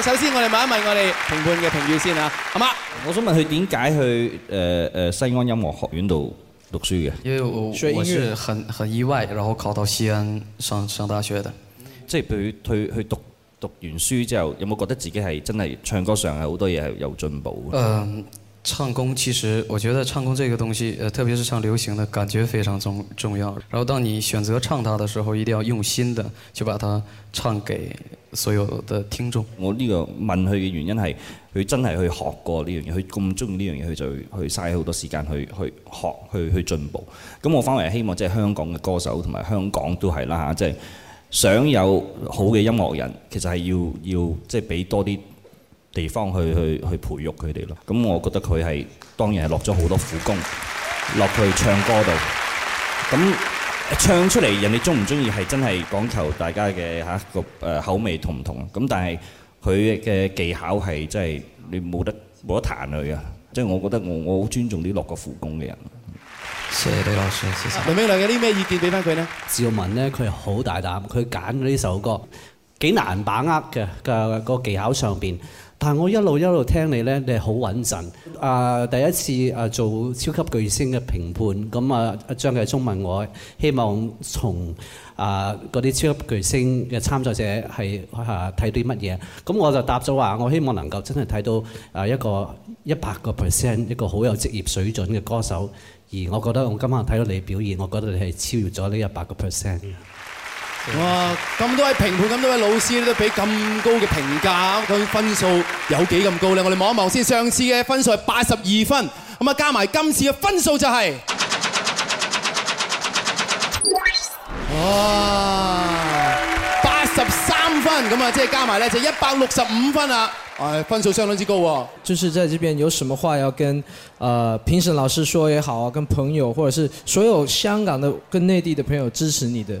首先我哋問一問我哋評判嘅評語先啊，好嗎？我想問佢點解去誒誒西安音樂學院度讀書嘅？因為我，我是很很意外，然後考到西安上上大學的。即係佢去去讀讀完書之後，有冇覺得自己係真係唱歌上係好多嘢係有進步？嗯.唱功其實我覺得唱功這個東西，呃，特別是唱流行的，感覺非常重重要。然後當你選擇唱它的時候，一定要用心的去把它唱給所有的聽眾。我呢個問佢嘅原因，係佢真係去學過呢樣嘢，佢咁鍾意呢樣嘢，佢就去嘥好多時間去去，去學去去進步。咁我反而希望即係香港嘅歌手同埋香港都係啦吓，即、啊、係、就是、想有好嘅音樂人，其實係要要即係俾多啲。地方去去去培育佢哋咯。咁我覺得佢係當然係落咗好多苦功落去唱歌度。咁唱出嚟人哋中唔中意係真係講求大家嘅嚇個誒口味同唔同。咁但係佢嘅技巧係真係你冇得冇得彈佢啊。即係我覺得我我好尊重啲落過苦功嘅人。謝謝你，羅 Sir。文有啲咩意見俾翻佢呢？趙文咧，佢好大膽，佢揀呢首歌幾難把握嘅嘅，個技巧上邊。但係我一路一路聽你呢，你係好穩陣。啊，第一次啊做超級巨星嘅評判，咁啊張繼聰問我，希望從啊嗰啲超級巨星嘅參賽者係睇啲乜嘢？咁、啊、我就答咗話，我希望能夠真係睇到啊一個一百個 percent 一個好有職業水準嘅歌手。而我覺得我今晚睇到你表現，我覺得你係超越咗呢一百個 percent。哇！咁多位評判，咁多位老師都俾咁高嘅評價，究竟分數有幾咁高咧？我哋望一望先，上次嘅分數係八十二分，咁啊加埋今次嘅分數就係、是、哇，八十三分，咁啊即係加埋咧就一百六十五分啦。誒、哎，分數相當之高、啊。就是喺這邊有什麼話要跟誒、呃、評審老師說也好啊，跟朋友或者是所有香港的跟內地的朋友支持你的。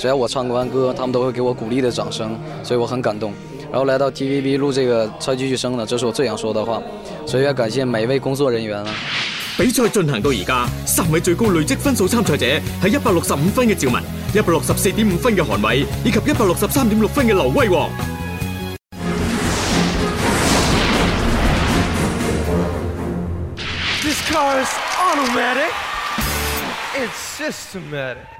只要我唱完歌，他們都會給我鼓勵的掌聲，所以我很感動。然後來到 TVB 錄這個《超級巨星》呢，這是我最想說的話。所以要感謝每一位工作人員啦。比賽進行到而家，三位最高累積分數參賽者係一百六十五分嘅趙文，一百六十四點五分嘅韓偉，以及一百六十三點六分嘅劉威王。This car is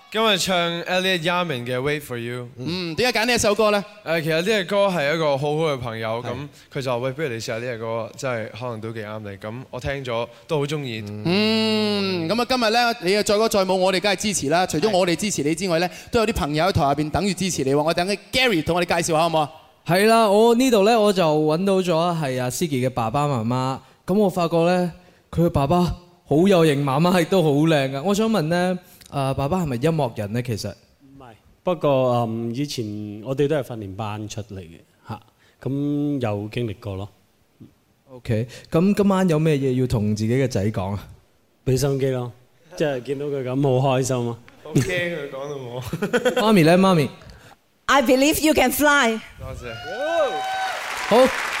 今日唱 Elliott Yamin 嘅《Wait for You》。嗯，點解揀呢一首歌咧？誒，其實呢一首歌係一個好好嘅朋友咁，佢就話：喂，不如你試下呢一首歌，真係可能都幾啱你。咁我聽咗都好中意。嗯，咁、嗯、啊，今日咧你嘅再歌再舞，我哋梗係支持啦。除咗我哋支持你之外咧，都有啲朋友喺台下邊等住支持你喎。我等 Gary 同我哋介紹下好唔好啊？係啦，我呢度咧我就揾到咗係阿思傑嘅爸爸媽媽。咁我發覺咧，佢嘅爸爸好有型，媽媽係都好靚㗎！我想問咧。啊，爸爸係咪音樂人咧？其實唔係，不過嗯，以前我哋都係訓練班出嚟嘅嚇，咁有經歷過咯。OK，咁今晚有咩嘢要同自己嘅仔講啊？俾心機咯，即係見到佢咁好開心啊。OK，佢講到我。媽咪咧，媽咪。I believe you can fly。多謝。好。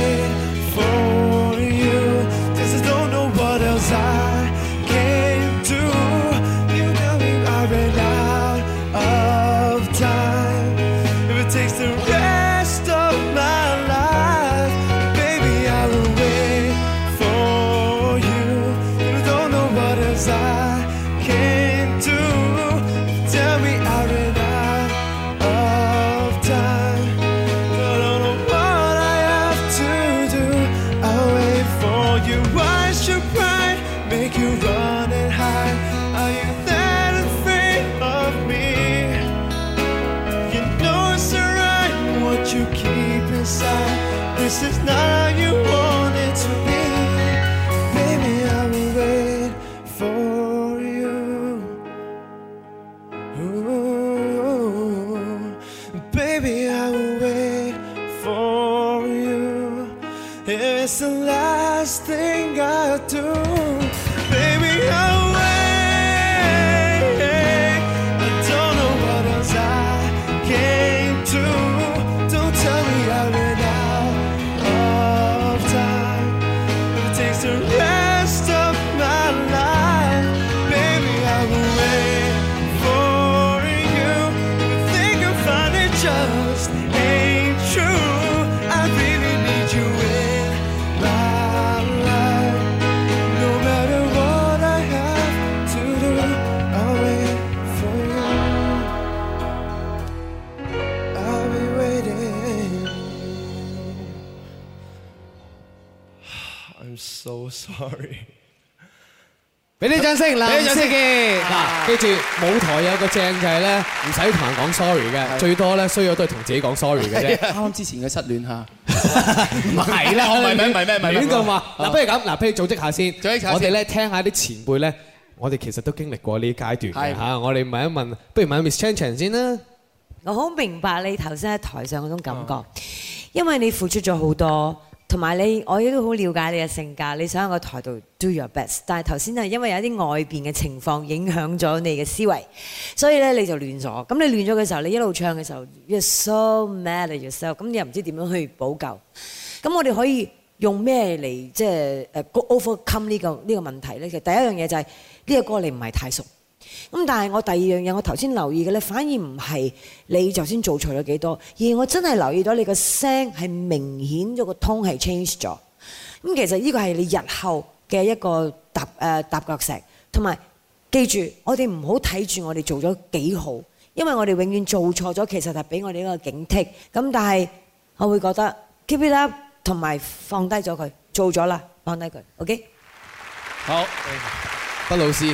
掌聲，俾、啊、嗱，跟住舞台有一個正就係咧，唔使同人講 sorry 嘅，最多咧需要都係同自己講 sorry 嘅啫。啱啱之前嘅失戀吓，唔 (laughs) 係是啦， (laughs) 唔係咩，唔係咩，唔係呢個嘛。嗱、 (laughs) 啊，不如咁，嗱、啊，不如組織下，組織下先。我哋咧聽下啲前輩咧，我哋其實都經歷過呢階段嘅嚇、啊。我哋問一問，不如問，問 Miss Chan Chan 先啦。我好明白你頭先喺台上嗰種感覺、嗯，因為你付出咗好多。同埋你，我亦都好了解你嘅性格，你想喺個台度 do your best。但係頭先係因為有啲外邊嘅情況影響咗你嘅思維，所以咧你就亂咗。咁你亂咗嘅時候，你一路唱嘅時候，you're so mad，at yourself 咁你又唔知點樣去補救。咁我哋可以用咩嚟即係 overcome 呢個呢個問題咧？其實第一樣嘢就係呢個歌你唔係太熟。咁但係我第二樣嘢，我頭先留意嘅呢，反而唔係你頭先做錯咗幾多，而我真係留意到你個聲係明顯咗，個 tone 係 change 咗。咁其實呢個係你日後嘅一個踏誒踏腳石。同埋記住，我哋唔好睇住我哋做咗幾好，因為我哋永遠做錯咗，其實係俾我哋一個警惕。咁但係我會覺得 keep it up，同埋放低咗佢，做咗啦，放低佢，OK？好，畢老師。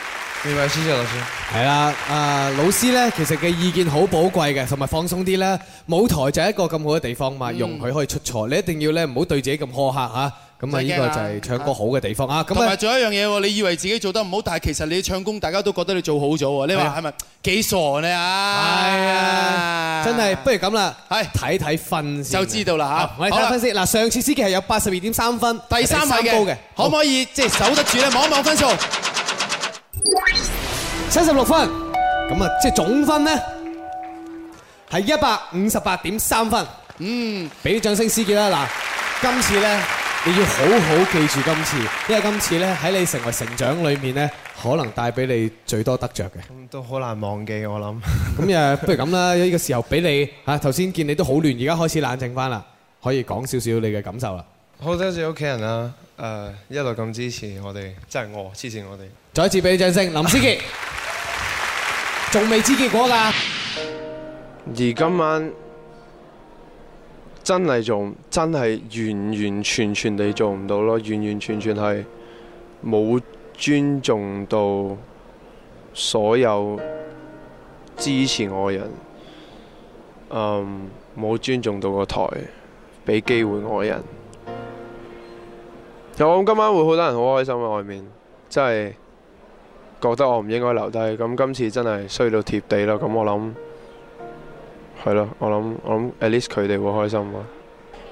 呢位先生老師，係啦，誒老師咧，其實嘅意見好寶貴嘅，同埋放鬆啲咧，舞台就係一個咁好嘅地方嘛，容許可以出錯，你一定要咧唔好對自己咁苛刻嚇，咁啊呢個就係唱歌好嘅地方啊。咁咧，同埋仲有一樣嘢喎，你以為自己做得唔好，但係其實你唱功大家都覺得你做好咗喎，你話係咪幾傻你啊？係啊，真係，不如咁啦，係睇睇分先，就知道啦嚇。我睇下分先嗱，上次司機係有八十二點三分，第三位嘅，可唔可以即係守得住咧？望一望分數。七十六分，咁啊，即係總分呢，係一百五十八點三分。嗯，俾啲掌聲，思杰啦。嗱，今次呢，你要好好記住今次，因為今次呢，喺你成為成長裏面呢，可能帶俾你最多得着嘅。咁都好難忘記我諗。咁啊，不如咁啦，呢個時候俾你吓，頭先見你都好亂，而家開始冷靜翻啦，可以講少少你嘅感受啦。好多謝屋企人啦，誒，一路咁支持我哋，真係我支持我哋。再一次俾掌聲，林思杰。仲未知結果噶，而今晚真係仲真係完完全全地做唔到咯，完完全全係冇尊重到所有支持我嘅人，嗯，冇尊重到個台，俾機會我嘅人。我諗今晚會好多人好開心啊！外面真係。覺得我唔應該留低，咁今次真係衰到貼地咯。咁我諗係咯，我諗我諗 at least 佢哋會開心咯。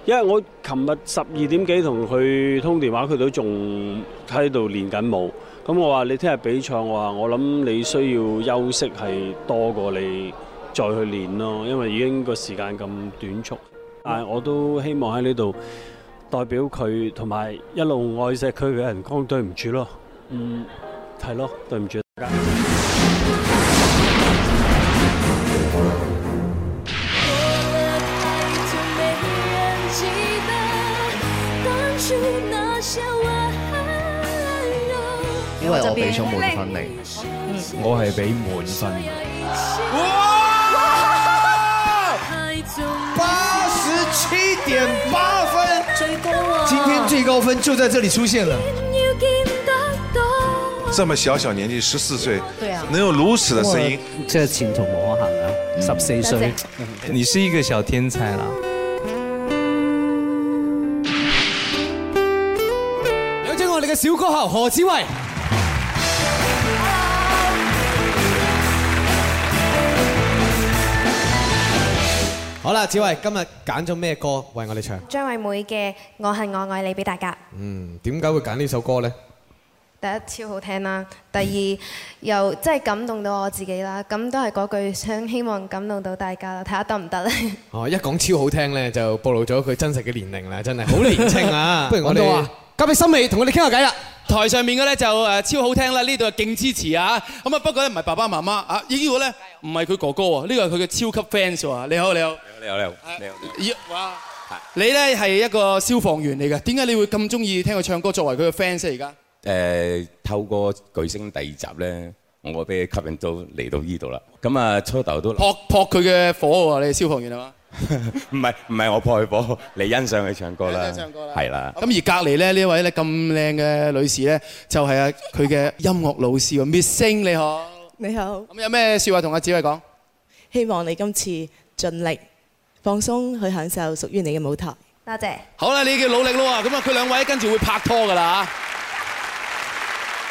因為我琴日十二點幾同佢通電話，佢都仲喺度練緊舞。咁我話你聽日比賽，我話我諗你需要休息係多過你再去練咯，因為已經個時間咁短促。但我都希望喺呢度代表佢同埋一路愛錫佢嘅人講對唔住咯。嗯。係咯，對唔住大家。因為我俾咗滿分你，我係俾滿分。哇！八十七點八分，今天最高分就在這裏出現了。這麼小小年紀，十四歲，對啊，啊、能有如此的聲音，這前途無限啊十四 b 你是一個小天才了。有請我哋嘅小歌后何子維。好啦，子維，今日揀咗咩歌為我哋唱？張惠妹嘅《我恨我愛你》俾大家。嗯，點解會揀呢首歌呢？第一超好聽啦，第二又真係感動到我自己啦，咁都係嗰句想希望感動到大家啦，睇下得唔得咧？哦，一講超好聽咧，就暴露咗佢真實嘅年齡啦，真係好年輕啊！ (laughs) 不如我哋話交俾心美同我哋傾下偈啦。台上面嘅咧就誒超好聽啦，呢度係勁支持啊！咁啊不過咧唔係爸爸媽媽啊，呢、呢個咧唔係佢哥哥喎，呢、呢個係佢嘅超級 fans 喎。你好你好你好你好你好，你咧係、啊、一個消防員嚟嘅，點解你會咁中意聽佢唱歌作為佢嘅 fans 而家？誒、呃、透過巨星第二集咧，我俾佢吸引到嚟到呢度啦。咁啊初頭都撲撲佢嘅火喎，你消防員啊？唔係唔係，我撲佢火，你欣賞佢唱歌啦。欣賞佢唱歌啦。係啦。咁而隔離咧呢位咧咁靚嘅女士咧，就係啊佢嘅音樂老師喎 (laughs) ，Miss Sing 你好。你好。咁有咩說話同阿紫慧講？希望你今次盡力，放鬆去享受屬於你嘅舞台。多謝，謝。好啦，你叫努力咯喎，咁啊佢兩位跟住會拍拖噶啦嚇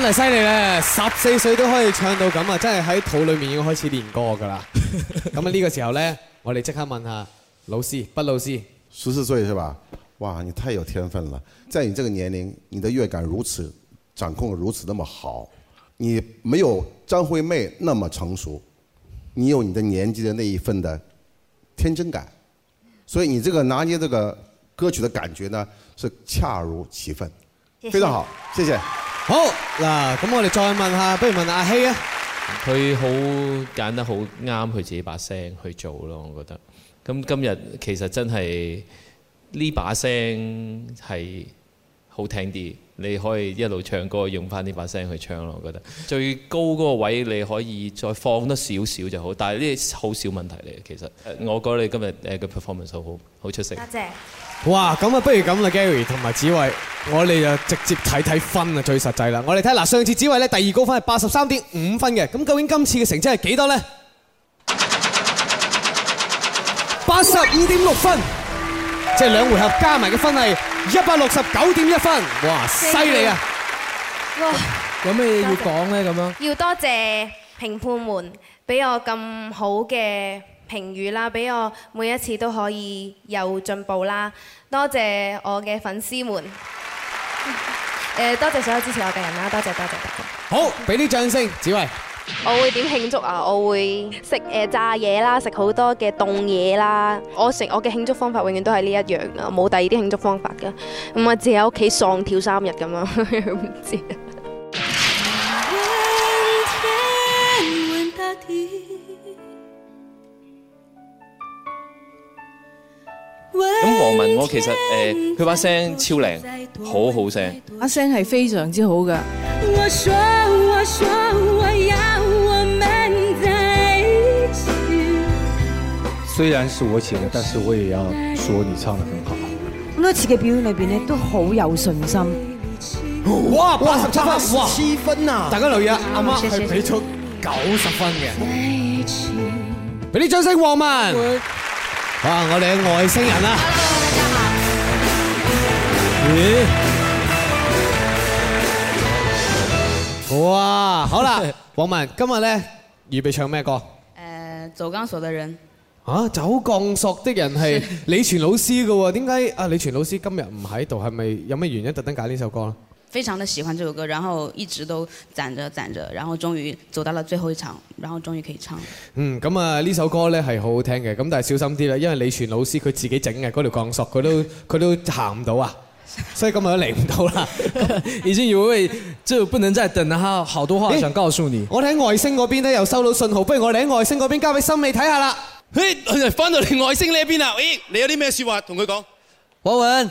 真係犀利咧！十四歲都可以唱到咁啊，真係喺肚裏面要開始練歌噶啦。咁啊呢個時候咧，我哋即刻問下老師畢老師。十四歲是吧？哇，你太有天分了。在你這個年齡，你的樂感如此掌控得如此那麼好，你沒有張惠妹那麼成熟，你有你的年紀的那一份的天真感，所以你這個拿捏這個歌曲的感覺呢，是恰如其分，非常好，謝謝。好嗱，咁我哋再問下，不如問阿希啊。佢好揀得好啱佢自己把聲去做咯，我覺得。咁今日其實真係呢把聲係好聽啲，你可以一路唱歌用翻呢把聲去唱咯，我覺得。最高嗰個位你可以再放得少少就好，但係呢好少問題嚟，其實。我覺得你今日誒嘅 performance 好好出色。多謝，謝。哇，咁啊，不如咁啦，Gary 同埋紫慧，我哋就直接睇睇分啊，最實際啦。我哋睇下嗱，上次紫慧咧第二高分係八十三點五分嘅，咁究竟今次嘅成績係幾多咧？八十五點六分，即係兩回合加埋嘅分係一百六十九點一分。哇，犀利啊！哇，有咩嘢要講咧？咁樣要多謝評判們俾我咁好嘅評語啦，俾我每一次都可以有進步啦。多謝我嘅粉絲們，誒多謝所有支持我嘅人啦。多謝多謝。好，俾啲掌聲，紫慧。我會點慶祝啊？吃東西，我會食誒炸嘢啦，食好多嘅凍嘢啦。我食我嘅慶祝方法永遠都係呢一樣啊，冇第二啲慶祝方法㗎。咁我自己喺屋企喪跳三日咁樣，唔知咁王文，我其實誒，佢、呃、把聲超靚，好好聲，把聲係非常之好噶。雖然是我寫的，但是我也要說你唱得很好。咁多次嘅表演裏邊呢，都好有信心哇。哇，八十七分啊，七分啊！大家留意啊，阿媽係俾出九十分嘅，俾啲掌聲王文。啊！我哋嘅外星人啦。hello，大家好。嗯。哇！好啦，網民，今日咧預備唱咩歌？誒，走鋼索的人。啊，走鋼索的人係李泉老師㗎喎，點解啊李泉老師今日唔喺度？係咪有咩原因特登揀呢首歌？非常的喜歡這首歌，然後一直都攢着攢着，然後終於走到了最後一場，然後終於可以唱。嗯，咁啊呢首歌咧係好好聽嘅，咁但係小心啲啦，因為李泉老師佢自己整嘅嗰條鋼索，佢都佢都行唔到啊， (laughs) 所以今日都嚟唔到啦。意思如果即就不能再等啦，哈，好多話想告訴你。欸、我哋喺外星嗰邊咧又收到信號，不如我哋喺外星嗰邊交俾森美睇下啦。誒、欸，翻到嚟外星呢喺邊啊？誒、欸，你有啲咩說話同佢講？王文。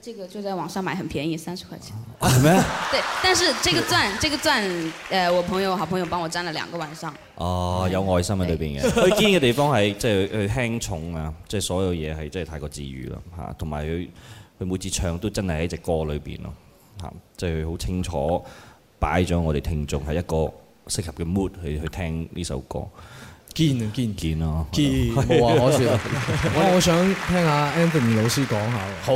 這個就在網上買，很便宜，三十塊錢。咩、啊？對，但是這個鑽，這個鑽，誒，我朋友我好朋友幫我占了兩個晚上。哦，有愛心喺裏邊嘅。佢堅嘅地方係即係佢佢輕重啊，即係所有嘢係真係太過治愈啦，吓，同埋佢佢每次唱都真係喺只歌裏邊咯，吓，即係佢好清楚擺咗我哋聽眾係一個適合嘅 mood 去去聽呢首歌。堅啊堅堅咯，堅冇話可說。我 (laughs) (laughs) 我想聽下 Anthony 老師講下。好。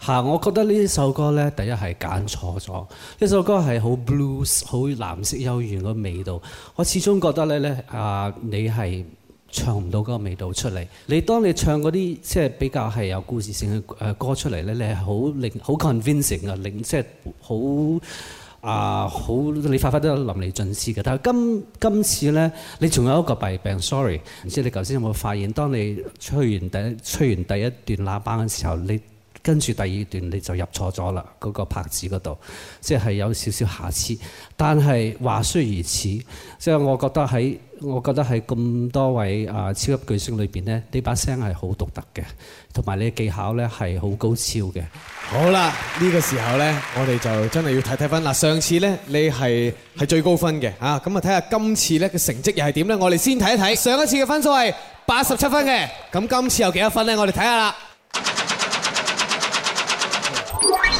嚇！我覺得呢首歌呢，第一係揀錯咗。呢首歌係好 blues、好藍色幽怨個味道。我始終覺得呢，咧、呃、啊，你係唱唔到嗰個味道出嚟。你當你唱嗰啲即係比較係有故事性嘅誒歌出嚟呢，你係好令好 convincing 啊，令即係好啊好你發揮得淋漓盡致嘅。但係今今次呢，你仲有一個弊病，sorry，唔知你頭先有冇發現？當你吹完第一吹完第一段喇叭嘅時候，你跟住第二段你就入錯咗啦，嗰個拍子嗰度，即係有少少瑕疵。但係話雖如此，即係我覺得喺我覺得喺咁多位啊超級巨星裏邊呢，呢把聲係好獨特嘅，同埋你嘅技巧呢係好高超嘅。好啦，呢個時候呢，我哋就真係要睇睇分啦。上次呢，你係係最高分嘅嚇，咁啊睇下今次呢個成績又係點呢？我哋先睇一睇上一次嘅分數係八十七分嘅，咁今次有幾多分呢？我哋睇下啦。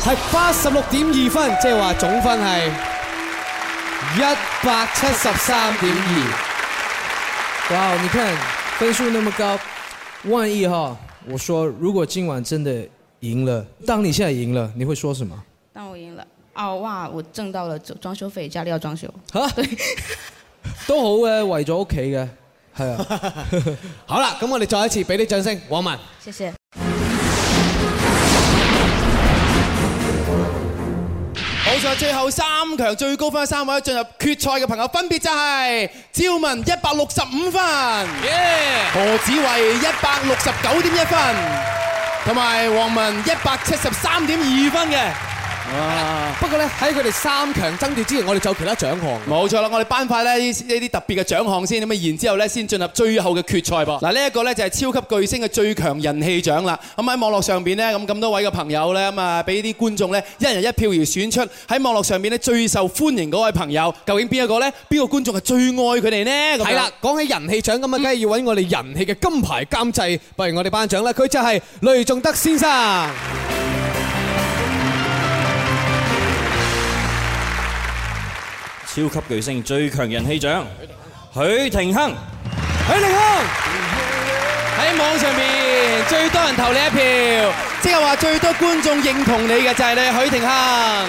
係八十六點二分，即係話總分係一百七十三點二。哇、wow，你看分數那麼高，萬一哈，我說如果今晚真的贏了，當你現在贏了，你會說什麼？當我贏了哦哇，oh, wow, 我掙到了裝修費，家裏要裝修。吓、huh?， (laughs) (laughs) 都好嘅，為咗屋企嘅，係啊。好啦，咁我哋再一次俾啲掌聲，王文。謝謝。好在最後三強，最高分嘅三位進入決賽嘅朋友，分別就係趙文一百六十五分，yeah，何子慧一百六十九點一分，同埋黃文一百七十三點二分嘅。哇！不過呢，喺佢哋三強爭奪之前，我哋就其他獎項。冇錯啦，我哋頒發呢呢啲特別嘅獎項先咁啊，然之後呢，先進入最後嘅決賽噃。嗱，呢一個呢，就係超級巨星嘅最強人氣獎啦。咁喺網絡上邊呢，咁咁多位嘅朋友呢，咁啊，俾啲觀眾呢，一人一票而選出喺網絡上邊呢，最受歡迎嗰位朋友，究竟邊一個呢？邊個觀眾係最愛佢哋呢？係啦，講起人氣獎咁啊，梗係要揾我哋人氣嘅金牌監製，不如我哋頒獎啦。佢就係雷仲德先生。超級巨星最強人氣獎，許廷鏗，許廷鏗喺網上面最多人投你一票，即係話最多觀眾認同你嘅就係、是、你，許廷鏗。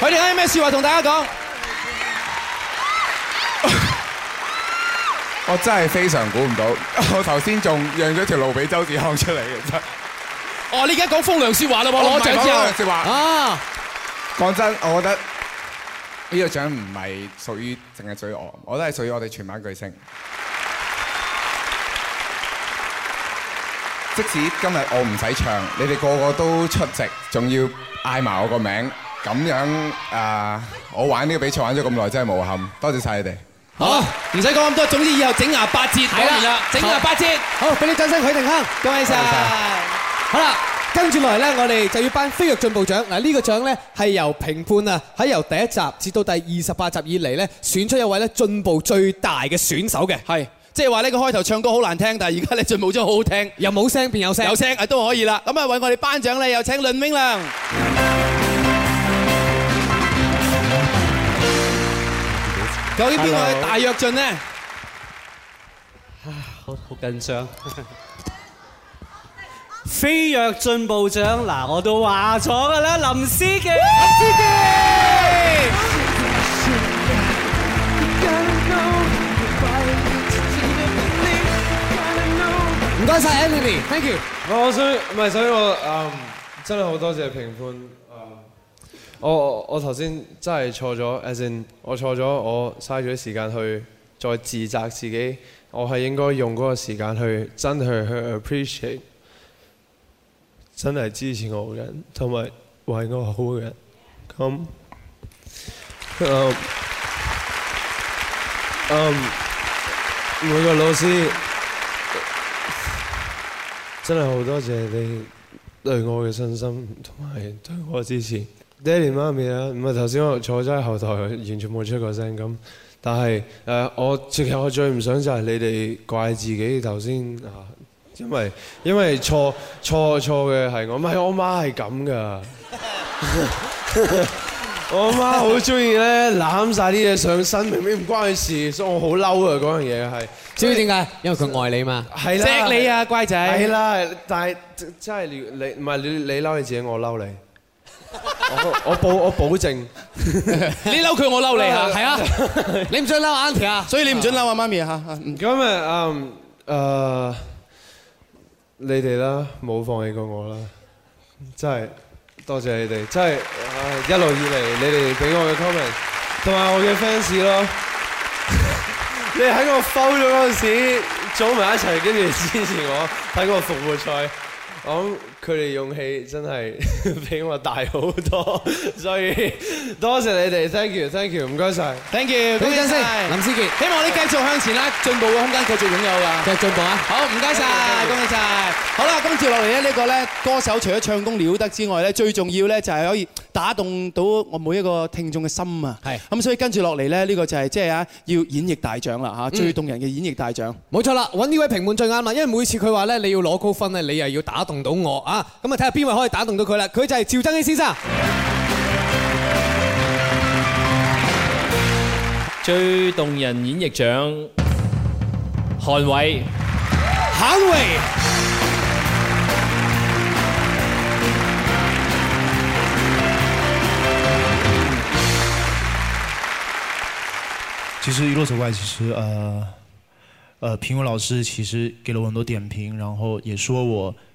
許廷鏗有咩說話同大家講？我真係非常估唔到，我頭先仲讓咗條路俾周子康出嚟嘅。真，哦，你而家講風涼說話啦，攞獎之後啊，講真，我覺得。呢個獎唔係屬於淨係屬於我，我都係屬於我哋全班巨星。即使今日我唔使唱，你哋個個都出席，仲要嗌埋我個名，咁樣啊，我玩呢個比賽玩咗咁耐，真係無憾。多謝曬你哋。好，唔使講咁多，總之以後整牙八折。係啦，整牙八折。好，俾你掌聲，許廷鏗。多謝曬。好啦。跟住落嚟咧，我哋就要頒飛躍進步獎。嗱，呢個獎咧係由評判啊，喺由第一集至到第二十八集以嚟咧選出一位咧進步最大嘅選手嘅。係，即係話咧，佢開頭唱歌好難聽，但係而家咧進步咗好好聽，由冇聲變有聲，有聲係都可以啦。咁啊，為我哋頒獎咧，有請倫永亮。究竟邊個係大躍進咧？啊，好好緊張。飛躍進步獎嗱，我都話咗噶啦，林思琪，林思琪，唔該晒 Anthony，Thank you。我好想唔係，所以我、um, 真係好多謝評判。Uh, 我我我頭先真係錯咗，Asin，我錯咗，我嘥咗時間去再自責自己，我係應該用嗰個時間去真去去 appreciate。真係支持我嘅人，同埋為我好嘅人。咁，誒，誒，每個老師真係好多謝你對我嘅信心，同埋對我嘅支持。爹哋媽咪啊，唔係頭先我坐咗喺後台，完全冇出過聲咁。但係誒，我，其實我最唔想就係你哋怪自己頭先啊。因為因為錯錯錯嘅係我媽，我媽係咁噶。我媽好中意咧攬曬啲嘢上身，明明唔關佢事，所以我好嬲啊！嗰樣嘢係知唔知點解？因為佢愛你嘛。係啦，錫你啊，乖仔。係啦，但係真係你你唔係你你嬲你自己，我嬲你。我我保我保證，你嬲佢，我嬲你啊！係啊，你唔準嬲我阿姐啊！所以你唔準嬲我媽咪嚇嚇。咁啊嗯誒。你哋啦，冇放棄過我啦，真係多謝你哋，真係一路以嚟你哋俾我嘅 comment，同埋我嘅 fans 咯，你喺我嬲咗嗰陣時組埋一齊，跟住支持我喺個復活賽，好。佢哋勇氣真係比我大好多，所以多謝你哋，thank you，thank you，唔該晒。thank you，恭喜先，林思杰，希望你繼續向前啦，進步嘅空間繼續擁有㗎，繼續進步啊！好，唔該晒，thank you, thank you. 恭喜晒。好啦，跟住落嚟咧，呢個呢歌手除咗唱功了得之外呢，最重要呢就係可以打動到我每一個聽眾嘅心啊！係，咁所以跟住落嚟呢，呢個就係即係啊，要演繹大獎啦嚇，最動人嘅演繹大獎。冇、嗯、錯啦，揾呢位評判最啱啊，因為每次佢話呢，你要攞高分咧，你又要打動到我啊！咁啊，睇下邊位可以打動到佢啦！佢就係趙增熹先生，最動人演繹獎，韓偉，韓偉，其實一路走過來，其實呃呃，評委老師其實給了我很多點評，然後也說我。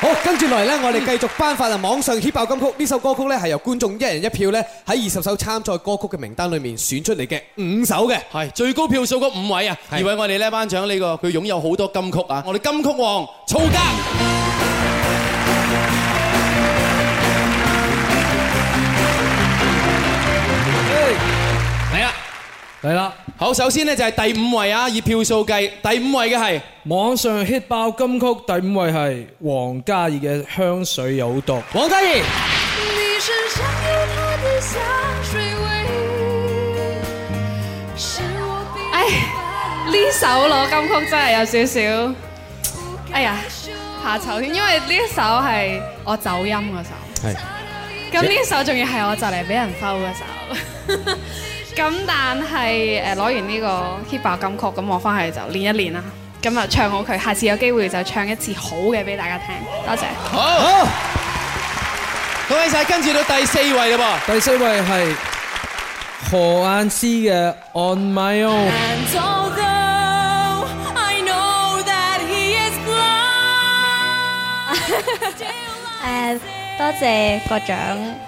好，跟住嚟咧，我哋繼續頒發啊！網上 hit 爆金曲呢首歌曲咧，係由觀眾一人一票咧喺二十首參賽歌曲嘅名單裏面選出嚟嘅五首嘅，係最高票數嗰五位啊！二位我哋呢頒獎呢個，佢擁有好多金曲啊！我哋金曲王曹格。係啦，好，首先呢就係第五位啊，以票數計，第五位嘅係網上 hit 爆金曲，第五位係王嘉怡嘅香水有毒。王嘉怡、哎，唉，呢首攞金曲真係有少少，哎呀，怕醜添，因為呢一首係我走音嗰首，咁呢首仲要係我就嚟俾人 fell 首。 (laughs) 咁但係誒攞完呢個 hip hop 金曲，咁我翻去就練一練啦。咁啊唱好佢，下次有機會就唱一次好嘅俾大家聽。多謝。好。好！位就晒！跟住到第四位嘞噃，第四位係何雁詩嘅 On My Own。 (laughs) 誒，多謝個獎。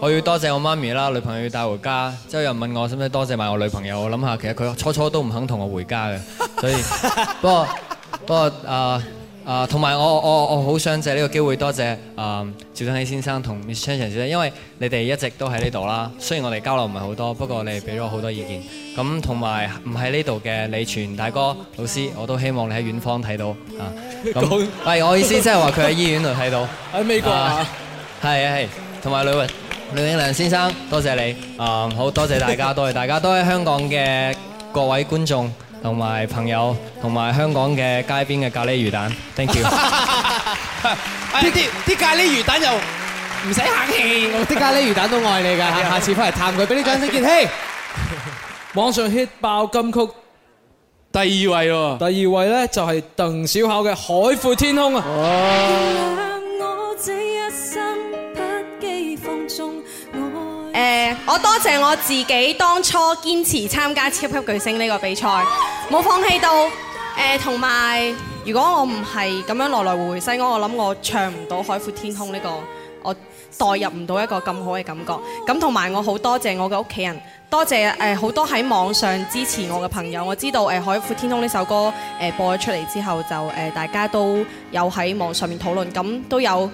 我要多謝我媽咪啦，女朋友要帶回家。之後又問我使唔使多謝埋我女朋友，我諗下其實佢初初都唔肯同我回家嘅，所以不過不過誒誒，同、呃、埋、呃、我我我好想借呢個機會多謝誒趙振熙先生同 Miss Chang 先生，因為你哋一直都喺呢度啦。雖然我哋交流唔係好多，不過你哋俾咗我好多意見。咁同埋唔喺呢度嘅李全大哥老師，我都希望你喺遠方睇到啊。咁係我意思，即係話佢喺醫院度睇到喺 (laughs) 美國啊，係、啊、係，同埋李梁永亮先生，多謝你，啊，好多謝大家，多謝大家，多謝香港嘅各位觀眾同埋朋友，同埋香港嘅街邊嘅咖喱魚蛋，thank you。啲啲啲咖喱魚蛋又唔使客氣，啲咖喱魚蛋都愛你噶，下次翻嚟探佢，俾你掌聲健熙。網上 hit 爆金曲第二位喎，第二位咧就係鄧小巧嘅《海闊天空》啊。誒，我多謝我自己當初堅持參加超級巨星呢個比賽，冇放棄到。誒，同埋如果我唔係咁樣來來回回西安，我諗我唱唔到《海闊天空》呢個，我代入唔到一個咁好嘅感覺。咁同埋我好多謝我嘅屋企人，多謝誒好多喺網上支持我嘅朋友。我知道誒《海闊天空》呢首歌誒播咗出嚟之後，就誒大家都有喺網上面討論，咁都有。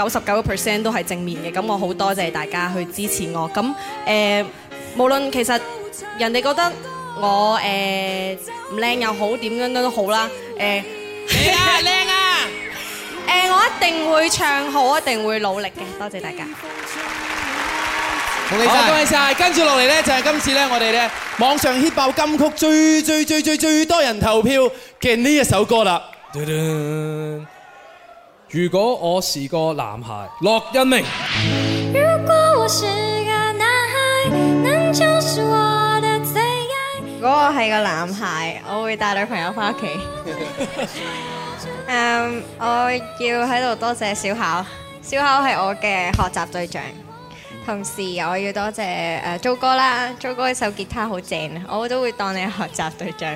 九十九個 percent 都係正面嘅，咁我好多謝大家去支持我。咁誒，無論其實人哋覺得我誒唔靚又好，點樣都好啦。誒，係啊，靚啊！誒，我一定會唱好，一定會努力嘅。多謝大家。好，多謝晒。跟住落嚟咧，就係今次咧，我哋咧網上 hit 爆金曲最最最最最多人投票嘅呢一首歌啦。如果我是個男孩，駱一明；如果我是個男孩，能就是我的最愛。如果我係個男孩，我會帶女朋友翻屋企。 (laughs) (laughs) um, 我要喺度多謝小巧，小巧係我嘅學習對象。同時我，我要多謝誒，周哥啦，周哥嘅首吉他好正，我都會當你學習對象。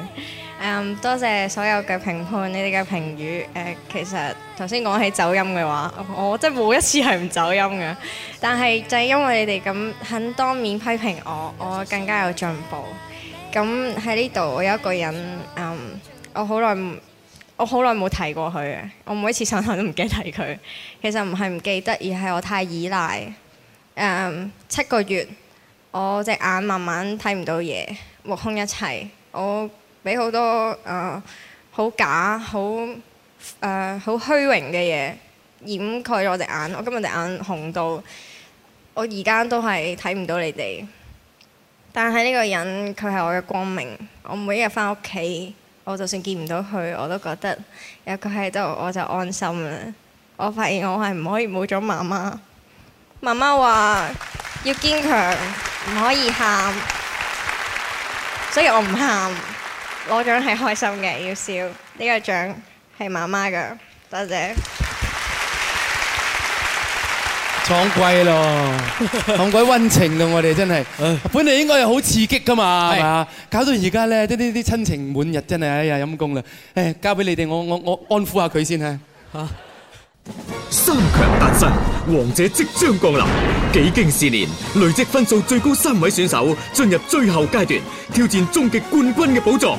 誒、um,，多謝所有嘅評判，你哋嘅評語誒。Uh, 其實頭先講起走音嘅話，我真係冇一次係唔走音嘅。 (laughs) 但係就係、是、因為你哋咁肯當面批評我，我更加有進步。咁喺呢度，我有一個人，嗯、um,，我好耐，我好耐冇提過佢嘅。我每一次上堂都唔記得提佢。其實唔係唔記得，而係我太依賴。誒、um,，七個月我隻眼慢慢睇唔到嘢，目空一切。我。俾好多誒好、uh, 假好誒好虛榮嘅嘢掩蓋咗我隻眼，我今日隻眼紅到，我而家都係睇唔到你哋。但係呢個人佢係我嘅光明，我每一日返屋企，我就算見唔到佢，我都覺得有佢喺度我就安心啦。我發現我係唔可以冇咗媽媽。媽媽話要堅強，唔可以喊，所以我唔喊。攞獎係開心嘅，要笑。呢個獎係媽媽嘅，多謝。闖鬼咯，闖鬼溫情咯，我哋真係。本嚟應該係好刺激㗎嘛，係嘛？搞到而家咧，啲啲啲親情滿溢，真係哎呀，陰功啦！誒，交俾你哋，我我我安撫下佢先啊，嚇。王者即將降臨，幾經四年累積分數最高三位選手進入最後階段，挑戰終極冠軍嘅寶座。